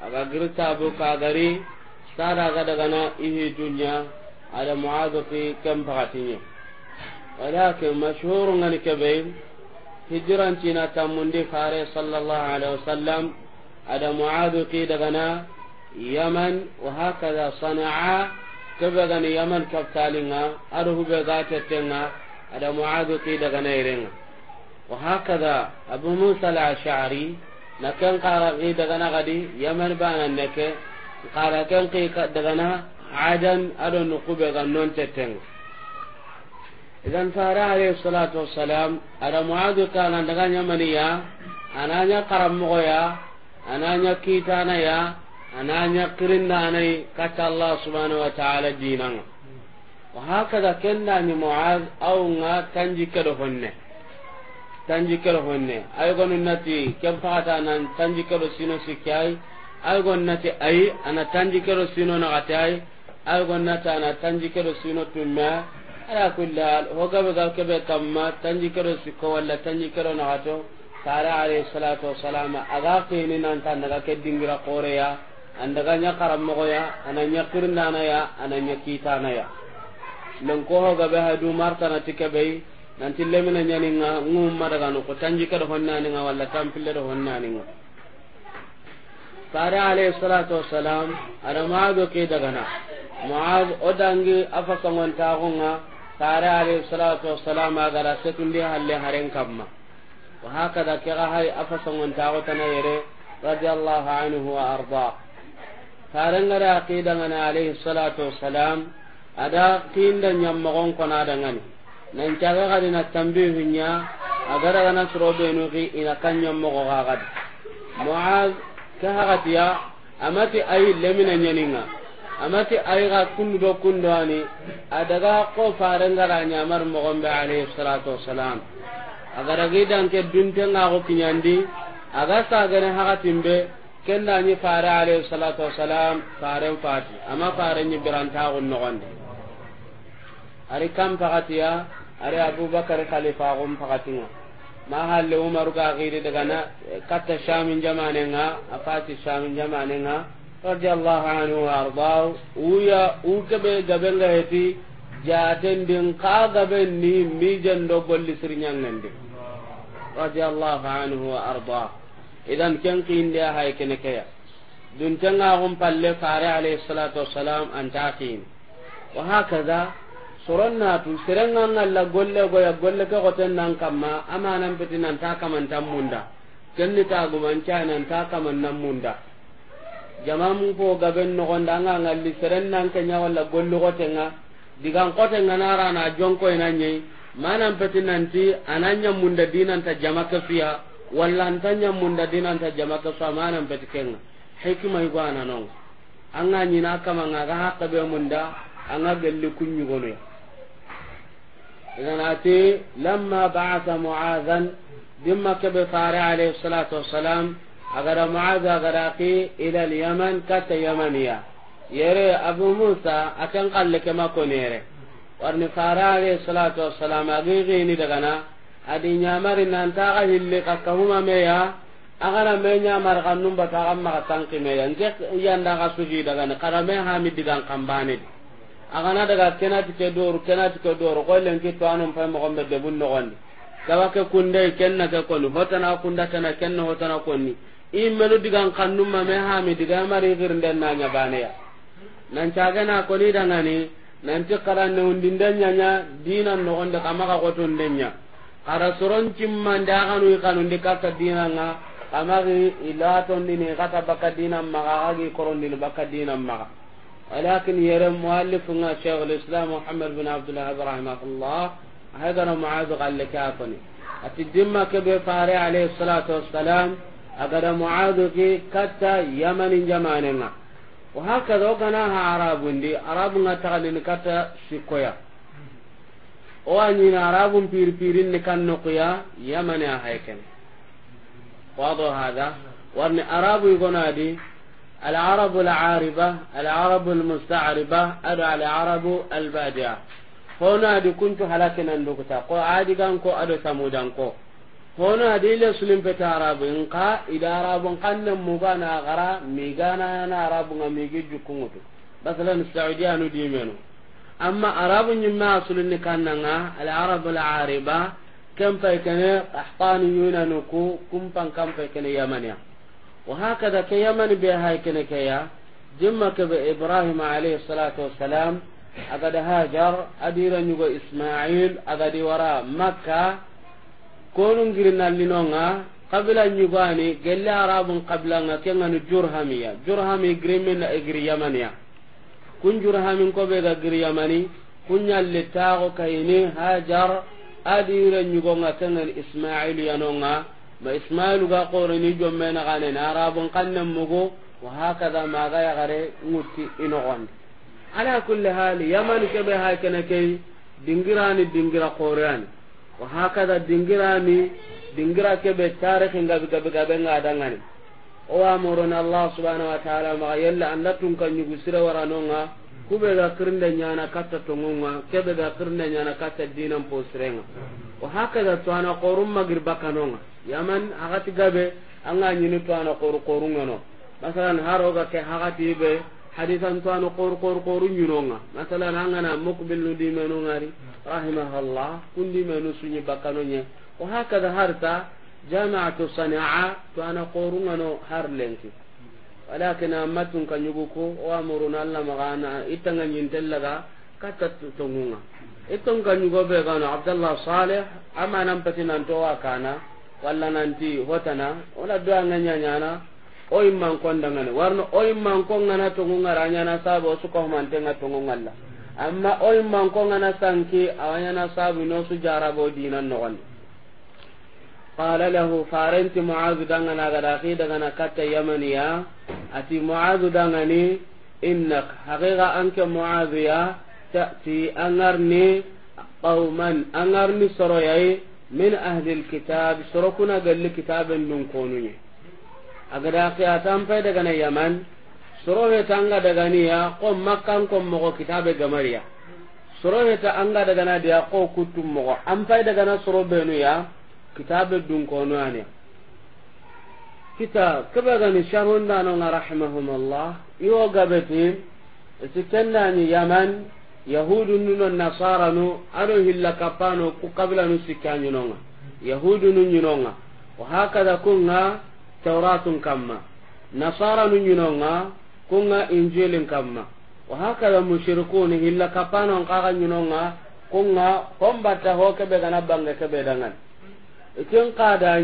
aga giri tabuk agari sada aga dagana ihi dunya ada muadu fi kam pakatinya walakin mashhur ngani kebe hijran cina tamundi kare sallallahu alaihi wasallam ada muadu ki dagana yaman wa hakaza sana'a kebegani yaman kaptalinga ado hube ga tettenga ada muadu ki daga nairenga wa hakaza abu musa al-ash'ari na kan qara ki daga na gadi yaman bana neke qara kan ki daga na adan ado nukube ga non tettenga idan fara alayhi salatu wassalam ada muadu kana daga yamaniya ananya karammogoya ananya kitana ya ana ñakkirinda anayi katta allah subhanau wa taala dinanga wa hakaza kendani moaz awunga tanjikkeɗo honne tanjikkeɗo honne aygonu nati ken fagata anan tanjikkeɗo sino sikai ay aygon nati ayi ana tanji tanjikkeɗo sino nagate ay aygon nati ana tanji tanjikkeɗo sino tumme ala kulli hal hogaɓe ga keɓe kamma tanjikkeɗo sikko walla tanjikkeɗo nagato sare alayhi salatu wa wasalam aga keni nanta naga ke dingira koreya andaga nya ana nya karammogoya ananya kirndanaya ananya kitanaya nan ko hoga be hadu martana tikabe nanti lemina nyaninga ngumma daga no ko tanji kada honnaninga walla tampille do honnaninga fare alayhi salatu wassalam adamado ke daga na muaz odangi afaka ngonta gonga fare alayhi salatu wassalam agara sekundi halle haren kamma wa hakada kira hay afaka ngonta gotana yere radiyallahu anhu wa arda farengare aqida ngani alayhi salatu wassalam ada kinda nyammogon kona dangani nan caga gadi na tambihu nya agara gana surobe nuki ina kan nyammogo ga gadi muaz ka hagatiya amati ayi lemina nyaninga amati ayi ga kundu do kundu ani adaga ko farengara nyamar mogombe alayhi salatu wassalam agara gidan ke dunte ngago kinyandi aga sagane hagatimbe kenna ni fare alayhi salatu wassalam faren fati amma fare ni biranta gon nogonde ari kam pakatiya ari abubakar khalifa gon pakatinga ma halle umar ga gire daga na katta shamin jamane nga afati shamin jamane nga radiyallahu anhu wa ardahu uya ukebe gabenga heti jaten din ka gaben ni mi jendo golli sirnyangande radiyallahu anhu wa ardahu idan ken qinde hay kene kaya dun tanga hum palle fare alayhi salatu wassalam an taqin wa hakaza soronna tu serenga ngalla golle goya golle ka goten nan kamma amanan petinan ta kaman tan munda kenni ta guman canan ta kaman nan munda jama mun ko gaben no gonda nga ngalli seren nan kenya nya golle gollu gotenga digan gotenga nara na jonko ina nyi manan petinan ti ananya munda dinan ta jama kafiya walla anta munda dinanta jamaka so amanan peti kenga hikima igo ananonga anga ñina kamanga aga haqqaɓe munda anga gelli idan iganati lamma ba'atha muadan dimma keɓe fare alayhi salatu wassalam agada muad agadaki ila alyaman katta yamaniya yere abu musa akan kalle makonere warni fare alayhi salatu wassalam agi gini na. adi nyamari nan ta ga hille ka kahuma ya agara me nyamar kan numba ta amma ka me ya nge yanda ka suji daga ne kada me ha mi digan kambane agana daga kena ti ke doru kena ti ke doru ko len ki to anum mo ko be bun no gondi kaba ke kunde ko ke konu na kunda na ko ni i melu digan kan numma me ha mi diga mari den na nya bane ya nan ga na koni dangani nan ti karanne den nya dinan no gonda kamaka nya. ara soron cimman da kanu ikanu ndi kata dina nga amagi ilaton dini kata baka dina maga agi koron dini baka dina maga ولكن يرى مؤلف شيخ الاسلام محمد بن عبد الله رحمه الله هذا معاذ قال لك اعطني اتدم كبير عليه الصلاه والسلام هذا معاذ في كتا يمن جماننا وهكذا وكانها عرب عندي عرب نتغلى كتا o na aragun pir pirin ne kan nokuya yamane a haiken wado hada warne arabu gonadi al arabu al ariba al arabu al musta'riba ada al arabu al badia hono adi kuntu halakin an dukuta ko adi gan ko ado samudan ko hono adi le sulim beta arabu in ka ida arabu kannan mugana gara migana na arabu ngami gi basalan saudiya nu di menu amma arabu nyimma asulunni kannanga al arabu al ariba kam pay kene qahtani yunanu ku kumpan kam pay yamaniya wa hakada ke yamani be hay kaya jimma ke be ibrahim alayhi salatu wassalam agada hajar adira nyugo ismail agadi wara makka konun girnallinonga kabila nyugani gelle arabun kabila nga kengani jurhamiya jurhami grimin igri yamaniya kun jurhamin koɓe ga giriyamani kunyalli taxo kayini hajar adire ñugonga kengen ismailu yanonga ma ismailu ga qoreni jommenaxaneni arabun kannen mugu wa hakada maga yaxare ŋutti inoxondi ala kulli hali yamani keɓe ha kene kei dingirani dingira qoreani wa hakada dingirani dingira ke be tarixi ngabi gabi gabe ngadangani o amorona allah subhanahu wa ta'ala ma yalla an latun kan yugu sira waranonga kube ga kirnda nyana katta tongonga kebe ga kirnda nyana katta dinan posrenga o haka da tuana qorum magir bakanonga yaman agati gabe anga nyini tuana qoru qorunga no masalan haroga ke hagati be hadisan tuana qoru qoru qoru nyinonga masalan anga na mukbilu dimenu ngari rahimahullah kundi menu sunyi bakanonya o haka da harta jama'atu sana'a to ana qorungano har lenki walakin ammatun kan yugo ko wa muruna alla magana itanga nyintellaga katta tongunga itong kan yugo be gano abdullah salih ama nan patinan to wakana walla nanti hotana wala do anganya na o imman kondangane warno o imman kongana tongunga ranyana sabo su ko mantenga tongunga alla amma o imman kongana sanki awanya na sabu no su jarabo dinan no wanda qala lahu farenti muaz dangana gada ki dangana katta yamaniya ati muaz dangani innak haqiqa anke muaz ya ta'ti angarni qauman angarni soroyai min ahli alkitab sorokuna galli kitaben dun konunye agada ki yaman sorohe tanga daganiya ko makkan ko mogo kitabe gamariya sorohe ta anga dagana dia ko kutum mogo an pay dagana soro benuya kitabe dun kono ane kita kebe gani sharhun dano nga rahimahumullah iwo gabeti isi kendani yaman yahudu nuno nasara nu ado hilla kapano ku kabila nu sikka nyinonga yahudu nu nyinonga wa hakada kunga tawratun kamma nasara nu nyinonga kunga injilin kamma wa hakada mushirikun hilla kapano kaga nyinonga kunga kombata ho kebe gana bange kebe dangan itin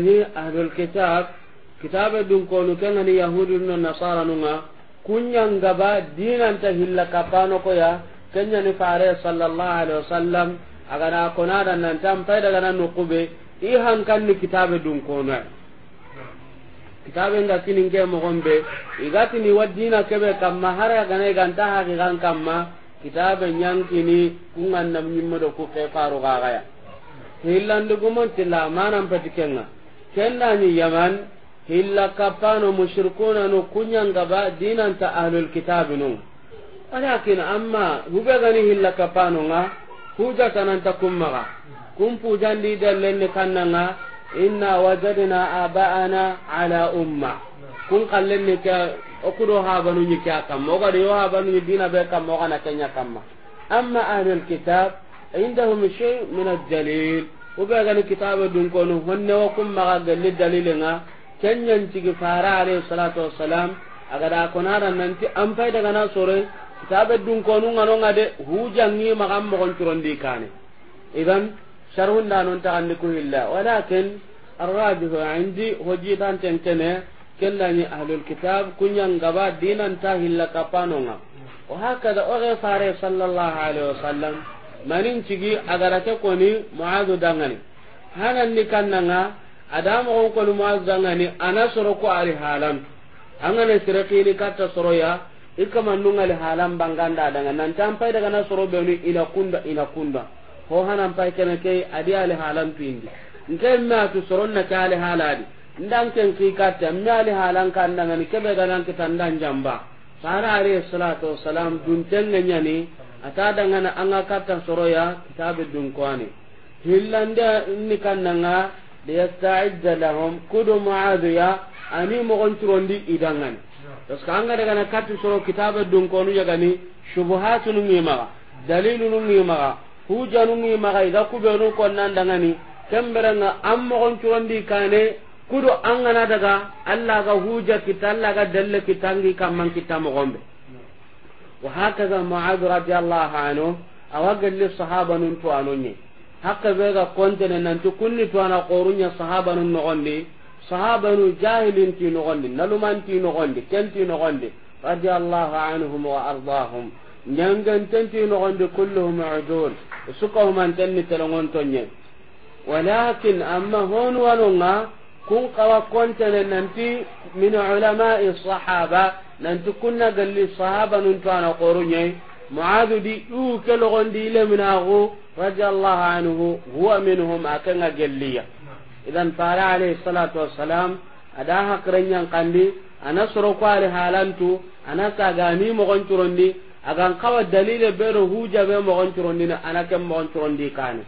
ni ahlul kitab kitabe dun konu ni yahudi no nasara nunga kunyan gaba dinan ta hilla kapano ko ya kenya ni fare sallallahu alaihi wasallam aga na kona dan nan tam nukube i kan ni kitabe dun konu kitabe nga kini nge mo gombe igati ni wadina kebe kamma hara ga ganta ha ga kamma kitabe nam nyimmo do ku ke faru ga hillandi gumontila mananpeti kenga kenda ni yaman hilla kappano mushrikuunanu kunyangaba dinanta ahlulkitabi nu walakin amma hubegani hilla kappanonga hujatananta kummaga kun pujandi dellenni kannanga inna wajadna aba'ana ala umma kun kallenni ke okudo habanu nyike a kamma ogadi yo habanu nyi dina be kamma ogana kenya kamma amma ahlulkitab عندهم شيء من الدليل وبيغن كتاب دنكون هن وكم مغا قل دليلنا كن ينتج فارا عليه الصلاة والسلام agada konara nanti an fayda gana sore kitabe dun konu ngano ngade hujangi magam mo kon turondi kane idan sharhun danon ta andi ku illa walakin arrajihu indi hoji dan tentene kellani ahlul kitab kunyan gaba dinan ta hilla kapanonga wa hakada ore fare sallallahu alaihi manin cigi agarate koni muazu dangani hananni kannanga adamogon koni muazu dangani ana soro ko ari halam angana sire kini katta soroya ikamannungali halam banganda danga nantan pay daga na soro benu ina kunda ina kunda ho hanan pay kene ke adi ali halam pindi nke ma tu soron na kale haladi ndan ken ki katta mi ali halan kan danga ni kebe ga nan kitandan jamba sara alayhi salatu wassalam dun tengenya ni ata dangana anga katta soroya kitabe dun kwani hillanda ni kannanga da yasta'idda lahum kudu mu'adhiya ani mo gonturondi idangan tos ka anga daga na katta soro kitabe dun kwani ya gani shubuhatun ni ma dalilun ni ma hujanun ni ma ga kubenu konnan dangani kemberenga an mogoncurondi kane kudu an gana daga allah ga huja kita allah ga dalle kitangi kamman kita mogombe وهكذا معاذ رضي الله عنه أوجد للصحابة ننتو أنوني حق بيغا كنت ننتو كني توانا قوروني صحابة ننغني صحابة جاهل انتي نغني نلوم انتي نغني كنتي نغني رضي الله عنهم وأرضاهم نيانغن تنتي نغني كلهم عدول سقهم أن تني تلغن تنين ولكن أما هون ولونا كن قوى كنت ننتي من علماء الصحابة nanti kunna galli sahaba nun to ana qorunyai muadu di u ke logondi leminagu radiallahu anhu huwa minhum akenga gelliya idan fara alayhi salatu wassalam ada hakrenyan kandi ana soro ko ari halantu ana sagani mogon curondi agan kawa dalile bero hujabe mogon curondi na ana kem mogon curondi kani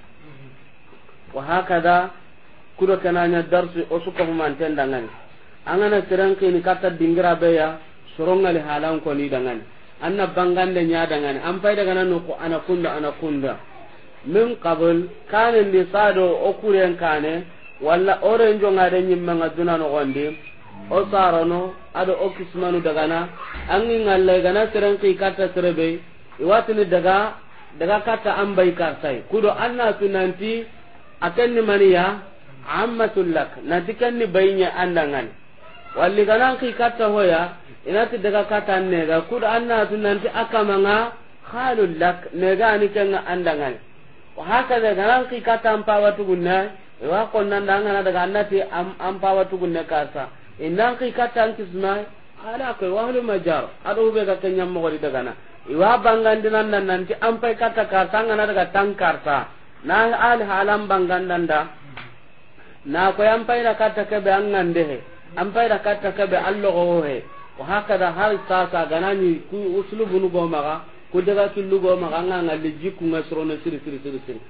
wa hakada kudo kananya darsi osuko humanten dangani angana serengkini kata dingira beya sorongali halan ni dangani anna bangande nya dangan an pay daga nan ko ana kunda ana kunda min qabl kan li sado o kuren kane walla orenjo ngade ma ngaduna no gonde o sarano ado o kismanu daga na an ni ngalle gana seren ki kata serebe iwatini daga daga kata an bai karsai kudo anna sunanti akanni maniya ammatul lak nanti ni bayinya andangan walli ganan ki katta hoya inati daga kata ga kud anna tunanti akamanga khalul lak ga ni kenga andangan wa haka da ganan ki katta ampawa tugunna wa da dangana daga annati am ampawa tugunna kasa innan ki katta ankisna ala ko wahlu majar adu be ga kenyam mo gori daga na iwa bangandinan nan nanti ampai kata karta ngana daga tangkarta na al halam da na ko ampai na kata ke be angande an payda katta kabe allogo he wa hakada har sasa ganani ku uslubu nu gomaga ku daga tullu gomaga nga ngalli jikku ngasro na siri siri siri siri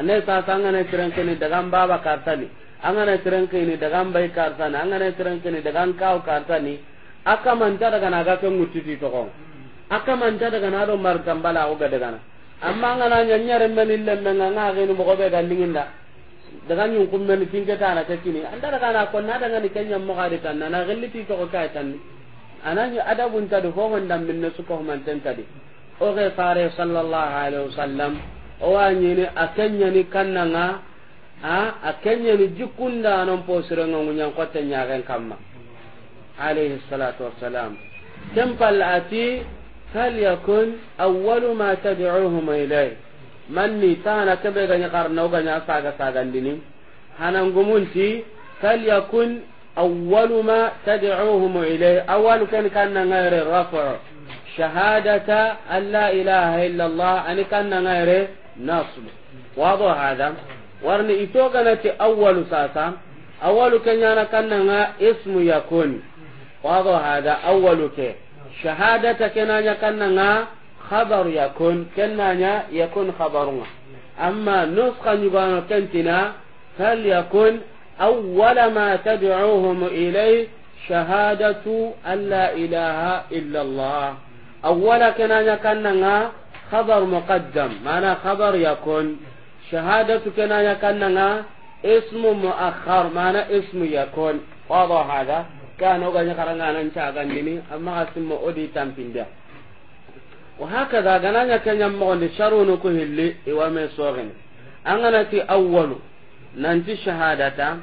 anne sasa ngana tiranke ni daga mbaba kartani angana tiranke ni daga mbai kartani angana tiranke ni daga kaw kartani aka manta daga naga kan mutiti to ko aka manta daga na do martambala o ga daga na amma ngana nyanyare men illa men nga ga ni mo go be da. daga nyun men tinke ta na kini anda daga na ko na daga ni kenya mo gari tan na gelli ti to ko ka tan anani adabun ta do ho min minne su ko man tan tadi o ge fare sallallahu alaihi wasallam o wa a akenya ni nga a akenya ni jikunda non po sirenga nya ko tan nyagen kamma alaihi salatu wassalam tempal ati fal yakun awwalu ma tad'uhum ilayhi manni tahana kebe ganya karna ganya saga saga ndini hanan gumunti kal yakun awwalu ma tad'uhum ilay awwalu kan kanna ngare rafa shahadata an la ilaha illa allah ani kanna ngare nasb wado hada warni ito ti awwalu sasa awwalu yana kan nga ismu yakun wado hada awwalu ke shahadata kenanya kan nga خبر يكون كنانيا يكون خبرنا أما نسخة يبان كنتنا فليكن أول ما تدعوهم إليه شهادة أن لا إله إلا الله أولا كنانيا كننا خبر مقدم معنى خبر يكون شهادة كنانيا كننا اسم مؤخر معنى اسم يكون واضح هذا كان وغني قرنا ننشا غنيني أما اسم أودي تنفيذ wa hakaza gananya kanya mogondi sharunu ku hilli iwame sogene anganati awwalu nanti shahadata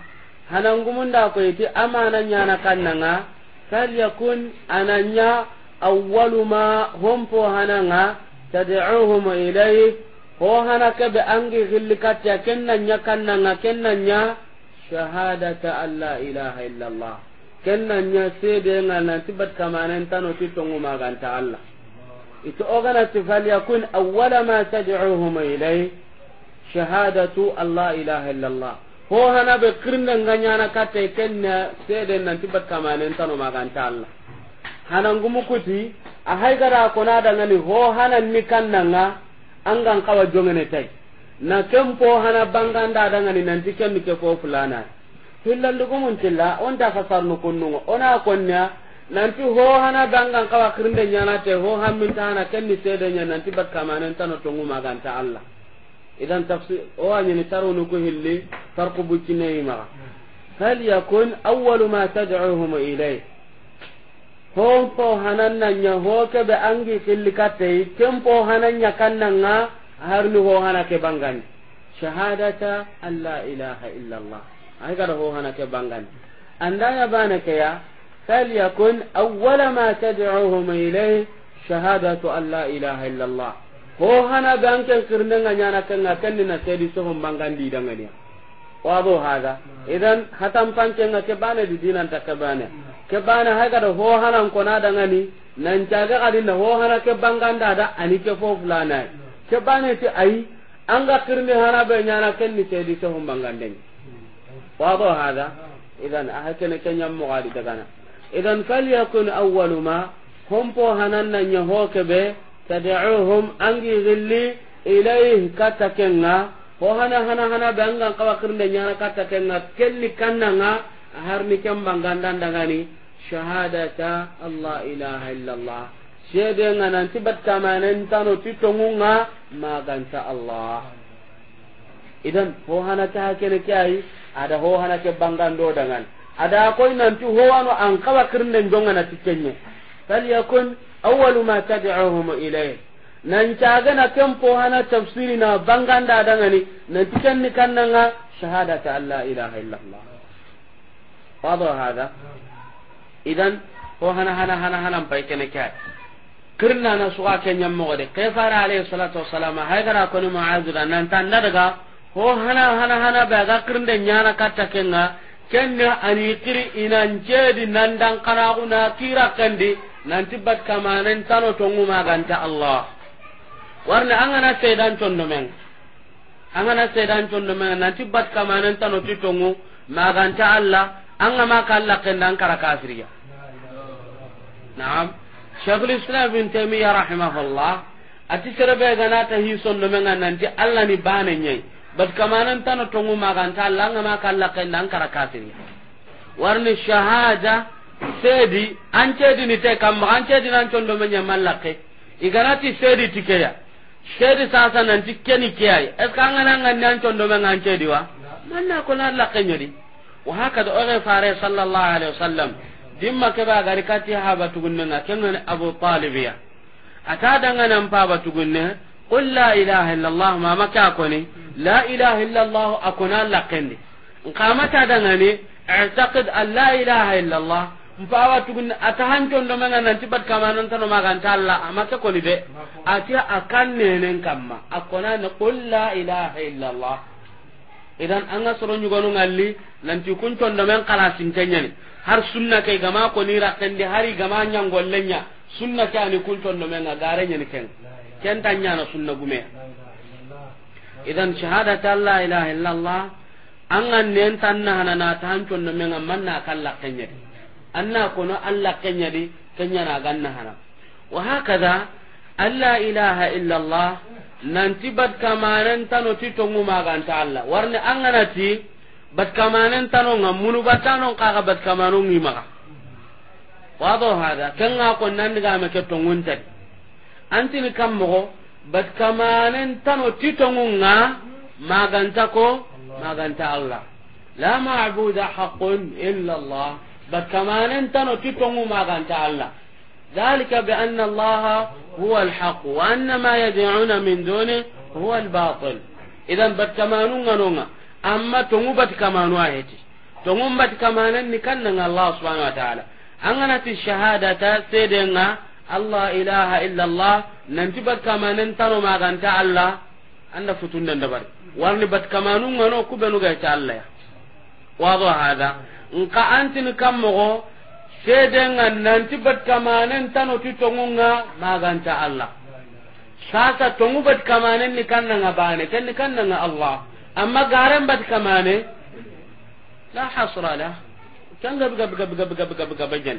ko koyti amana nyana kannanga falyakun ananya awwalu ma hompo hananga tad'uhum ilayhi ho hana kebe angi hilli katya kennanya kannanga kennanya shahadata an la ilaha illallah kennanya sedenga nanti bat kamanentano ti tongumaaganta allah ogana oganati falyakun awala ma tad'uhum ilay shahadatu alla ilaha illallah ho hana be nganya na kate kenna sede nanti bat kamanen tano maganta allah ngumu kuti a na da ngani ho ni kanna nga angan kawa jongene tay na kempo hana banganda dangani nanti kenni ke ko fulana dugumun tilla on fasarnu kunnu ona konnya nanti ho hana dangan kawa kirinde nyana te ho tana ta hana kenni sede nyana nanti bakka manen tan to maganta Allah idan tafsir o taru no ko hilli farqu bukinai ma hal yakun awwalu ma tad'uhum ilay ho po hanan nanya ho ke be angi hilli kate kem po nya kannanga harni ho hana ke bangan shahadata alla ilaha illa Allah ai kada ho hana ke bangan andaya bana ke ya فليكن أول ما تدعوهم إليه شهادة أن لا إله إلا الله هو هنا بانك كرنا نانا كنا كننا سيدي سهم بانغان دي دانغانيا واضح هذا إذا هتم فانكنا كبانا دي دينا تكبانا كبانا هكذا هو هنا نكونا دانغاني نانجاga kadinda ho hana ke banganda da ani ke fo fulana ke bane ti ai an ga kirni hana be nyana ken ni sedi to hum banganden wado hada idan falyakun awwalu ma hompo hananna nya hokebe tad'uhum angi zilli ilayhi katakenga ho hana hana hana bangan kawakirnde nyana katakenga kelli kannanga harni dangani shahadata allah ilaha illallah shede nga nanti battamanen tano ti maganta allah idan ho hana ta hakene kai ada ho hana ke bangan do dangan ada koy nanti wano an kawa na tikenye fal yakun awwalu ma tad'uhum ilay nan cagana kempo hana tafsiri na banganda dangani nanti kenni kannanga shahadata an la ilaha illa allah wado hada idan ho hana hana hana hana pai kene kya kirna na suwa kenyam mo de fara alayhi salatu wassalam hay gara ko ni mu'adh nan tan daga ho hana hana hana ba ga kirnde yana katta kenga kenya ani kiri inan jedi nan dan kana una kira kandi nanti bat kamanen tano tongu maganta Allah warna angana sedan tondo men angana sedan tondo men nanti bat kamanen tano titongu maganta Allah anga maka Allah kendan kara kafiriya na'am Syekhul Islam bin Taimiyah rahimahullah ati sirabe ganata hi sondo men nanti Allah ni bane nyai bat kamanan tano tongu maganta Allah nga maka Allah kan dan kara kafiri warni shahada sedi an cedi ni te kam an cedi nan condo menya gana ti sedi tikeya sedi sasa nan tikeni kiyai es kanga nan nan nan condo men an cedi wa manna ko na Allah nyo di wa hakada ore fare sallallahu alaihi wasallam dimma ke ba gari kati ha batugunne na kenan abu talibiya ata danga nan pa batugunne qul la ilaha illa allah ma maka koni la ilaha illa allah akona la kendi nkamata dangane i'taqid an la ilaha illa allah mpawa tugun atahan condo menga nanti bat kamanan tano magan talla amake koni de ati akan nenen kamma akona ne qul la ilaha illa idan an ga soro nyugonu ngalli nanti kun condo men kala sintenyani har sunna kai gama koni rakende hari gama nyangollenya sunna kai kun condo menga garenya ni kenga ken tan nyana sunna gume idan shahada ta la ilaha illa allah an nen tan na hanana tan ton no men amman na kala kenya anna kono alla kenya di kenya na na hana wa hakaza alla ilaha illa allah nanti bat kamanen tano ti tongu ta allah warne an ti bat kamaran tano ngamunu batano kaga bat kamanu wa do hada kenga ko nan diga me ke tongun tadi antini kam moxo bat tano titongunga maganta ko maganta allah la mabuda haqun illa allah bat kamanen tano titongu maganta allah dalika bian allah huwa alhaq wa anna ma yadiuna min duni huwa albatil idan bat kamanunga amma tongu bat kamanu ayeti tongu bat kamanen ni kannan allah subhanahu wa ta'ala anganati shahadata sedenga allah ilaha illa allah nanti bat kamanen tano maganta allah anda futunden dabar warni bat kamanu ngano kubenu ga ta allah wado hada nka antini nanti bat kamanen tano ti tongunga maganta allah sasa tongu bat kamanen ni ken ni allah amma garan bat kamane la hasra la kan gab gab gab gab gab gab gab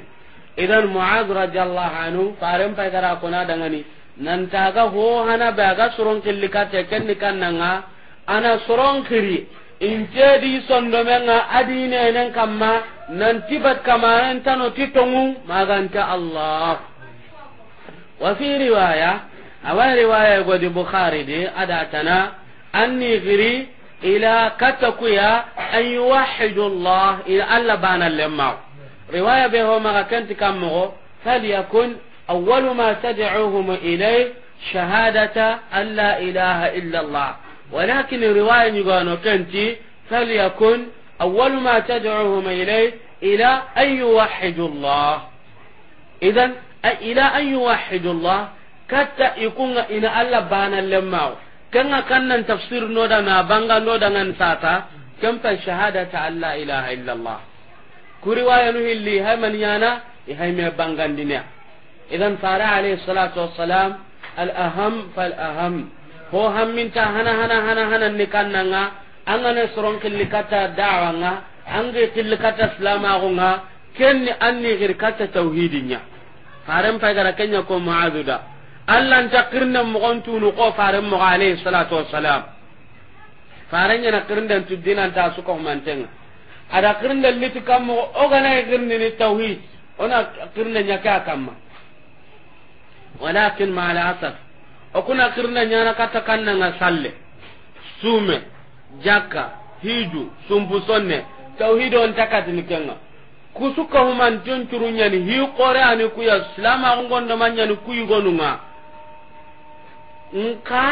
idan muaz radiyallahu anhu faran pa gara kona dangani nan ga ho hana ba ga suron kilika te kenni kannanga ana suron kiri ince di sondo menga adine nan kamma nan tibat kamaran tano titongu maganta allah wa fi riwaya awa riwaya godi bukhari de ada tana anni giri ila katakuya an yuwahhidu allah ila alla bana lemma riwaya be ho maga kanti kammogo falyakun awwalu ma tad'uhum ilay shahadata an la ilaha illa allah walakin riwaya nyugano kanti falyakun awwalu ma tad'uhum ilay ila an yuwahhidu allah idan ila an yuwahhidu allah katta ikunga ina allah bana lemmao kenga kannan tafsir noda na banga noda ngan sata kempa shahadata an la ilaha illa allah kuri wayanu hilli hay man yana e hay me bangandinya idan fara alayhi salatu wassalam al aham fal aham ho hamminta hana hana hana hana ni kannanga angana soron killikata da'wanga ange killikata slamagunga kenni anni girkata tauhidinya faran pagara kenya ko ma'aduda allah nta kirna mogontu nu ko faran mo alayhi salatu wassalam faran yana kirndan tuddina ta su ko mantenga ada kirnde liti kammo ogana kirnde ni tawhid ona kirnde nyaka kamma walakin ma ala asaf okuna kirnde nyana kata kanna nga salle sume jaka hiju sumbu sonne tawhid on takati ni kenga kusuka human tunturu nyani hi qore ani kuya islama ngondo manyani kuyi gonunga nka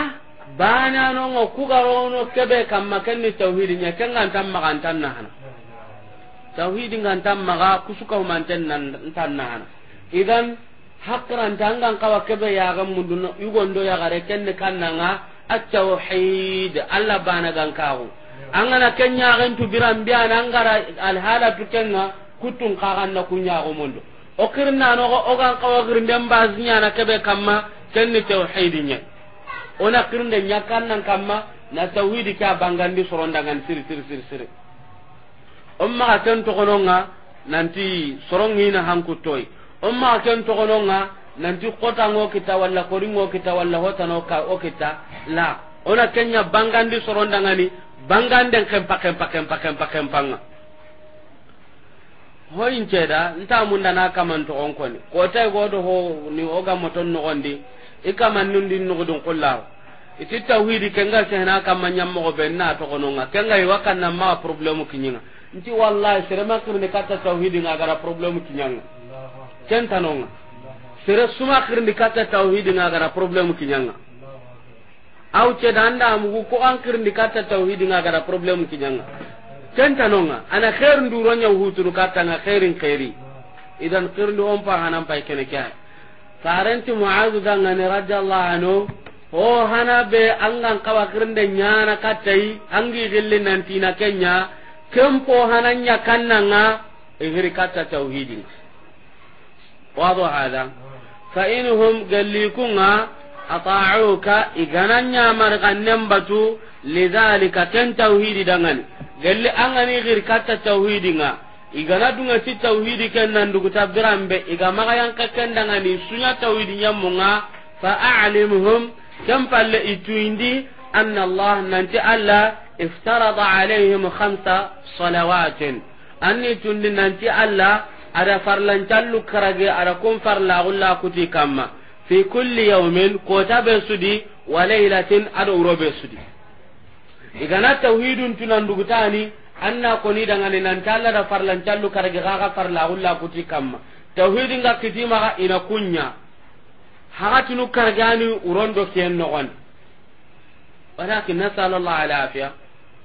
bana no kugarono kebe kamma kenni tawhid nya kenga tan magantan na tauhidin kan tan maga kusuka humanten idan hakran tan kawa kebe ya ga mundun yugondo ya gare kenne kannanga at-tauhid alla bana gan kawo angana kenya biran alhala kutun kagan na kunya go o no o kawa bazinya na kebe kamma kenne tauhidinya ona kirnde nyakan na tauhidi ka bangandi sorondangan sir sir sir, sir. umma ka ken togononga nanti sorongina hankuttoy umma ka ken togononga nanti kotango kita walla koringo kita walla no ka o kita la ona kenya bangandi sorondangani banganden kempa kempa kempa kempa kempanga hoyin ceda nta munda na kaman to on ni ko tay e godo ho ni oga moton no gondi e kaman nundi no godon kullaw iti tawhidi kenga sehna kaman nyammo go benna to gononga kenga iwakan na ma problemu kinyinga nti wallahi sere kata katta tawhidi nga gara problème kinyanga ken tanong sere suma kirni katta tawhidi nga gara problème kinyanga au ce da anda mugu ko an kirni katta tawhidi nga gara problème kinyanga ken tanong ana khair nduronya hutunu kata nga khairin khairi idan kirni on pa hanan pa kene kya farenti muazu da ne radiyallahu anhu o hanabe be angan kawa kirnde nyana katai angi gelle nantina kenya kempo hananya kannanga igiri kata tauhidin wado hada fa inhum gallikunga ata'uka igananya marqannem batu lidhalika tan tauhidi dangan galli angani igiri katta tauhidinga igana dunga ti tauhidi ken nan dugu tabirambe igama yang kakken dangani sunya tauhidi munga fa a'limhum kam itu indi أن الله ننتي ألا افترض عليهم خمس صلوات أني تند ننتي ألا أرى فرلن تلو كرجي أرى كن فرلا غلا كتي كما في كل يوم كوتا بسدي وليلة أدو ربي سدي igana tauhidun tunan dugutani anna koni dangane nan talla da farlan callu karage gaga farla hulla kuti kamma tauhidin ga kitima ga ina kunya haga tunu kargani urondo ken nogon walakin nasal allah alafiya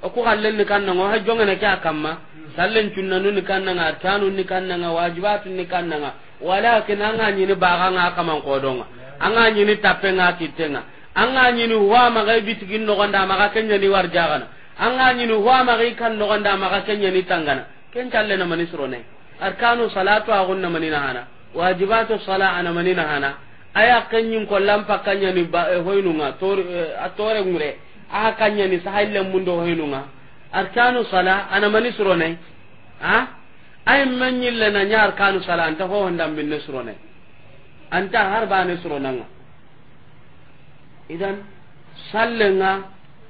oku hallen ni kanna kannanga ha jongene ke akamma sallen cunnanu ni kanna kannanga tanu ni kanna kannanga wajibatu ni kanna kannanga walakin anga nyini baga nga kaman kodonga anga nyini tappe nga kitenga anga nyini wa maga bitigin no gonda maga kenya ni warjagana anga nyini wa maga kan no gonda maga kenya ni tangana ken challe na manisro ne arkanu salatu agunna manina hana wajibatu sala ana manina hana aya kanyin lampa pakanya ni ba eh, hoynunga tor eh, atore ngure a kanya ni sahalle mundo hoynunga arkanu sala ana mani surone ha ay manyille na nya arkanu sala anta ho ndam binne surone anta harba ne suronanga idan sallenga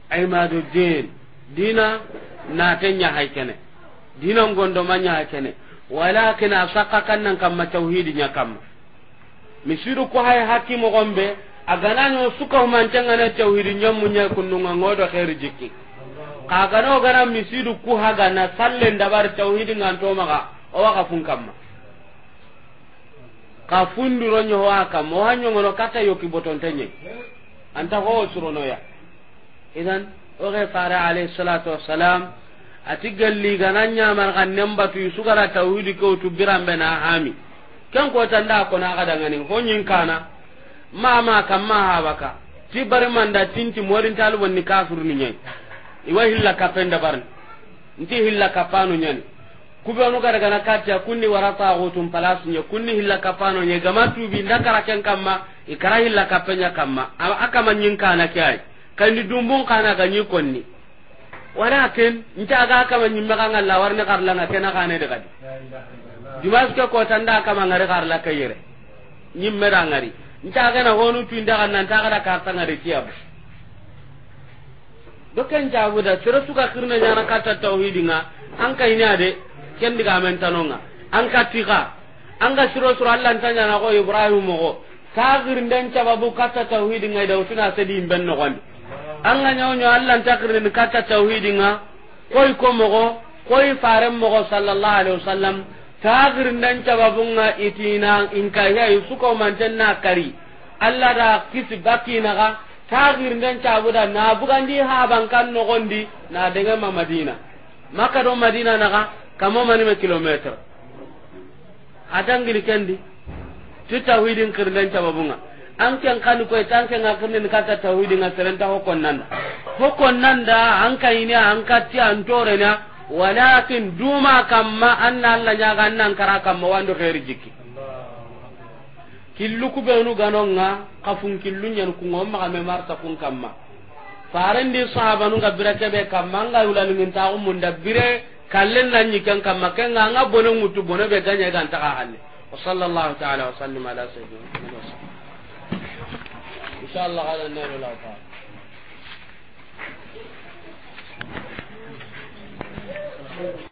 aymadu din dina na tanya haykene dina gondo manya haykene walakin asaka kannan kamma tauhidin ya kamma misiru ko hay hakimo gombe agananyo suka humantangana tawhidi nyammunya kunnunga ngodo khairu jikki kagano gana misidu ku haga na sallen dabar tawhidi nganto maga o waka fun kamma ka funduro nyo waka mo hanyo ngono kata yoki boton tenye anta ho surono ya idan o ge fara alayhi salatu wassalam ati galli gananya mar kan nembatu sugara tawhidi ko tu birambe na hami ken kotanda kona aga dangani honyin kana mama ha habaka ti bari manda tinti morin talibon ni kafuru ni nyai iwa hilla fenda barni nti hilla kapanu nyani kubenu gara gana katya kunni warata gutun palas nya kunni hilla fanu nyen gama nda kara ken kamma kara hilla kan kamma aka nyin kana kyai kandi dumbun kana ganyi konni walakin nti aga aka manyin maganga ngalla warne karlanga kana ne de gadi dimas ke kotanda kama ngari ngare karla kayere nyimme da ngari nta gana honu pinda kan na ta kada karta ngari tiab doken jabu da sira suka kirna nyana kata tauhidi nga an kai ne ade ken diga men tanonga an katika an ga siro sura Allah tanya na ko Ibrahim ko ta girnden cababu kata tauhidi nga da utuna sedi imben no gondi an ga nyawnyo Allah ta kirni kata tauhidi nga koy ko mogo koy faren mogo sallallahu alaihi wasallam tagirindan cababunga itina inkayayi na kari allah da kisi baki bakkinaga nan cabuda na bugandi haban kan nogondi na ma madina maka do madina naga kamo kilometer kilometre atangiri kendi ti tawhidin kirnden cababunga an ken kani koy tan ken ga kirnin kata tawhidin ga hokon nan da an kayini an katti an torena walakin duma kamma anna allah nyaga annan kara kamma wando khairi jikki killu ku benu ganonga kafun killu nyen ku ngomma kame marta kun kamma farendi sahaba nu ngabira be kamma nga ulani min ta umun dabire kallen nan nyikan kamma kenga nga bono mutu bono be ganya gan ta halle wa sallallahu ta'ala wa sallim ala sayyidina muhammad inshallah hada nero la Thank you.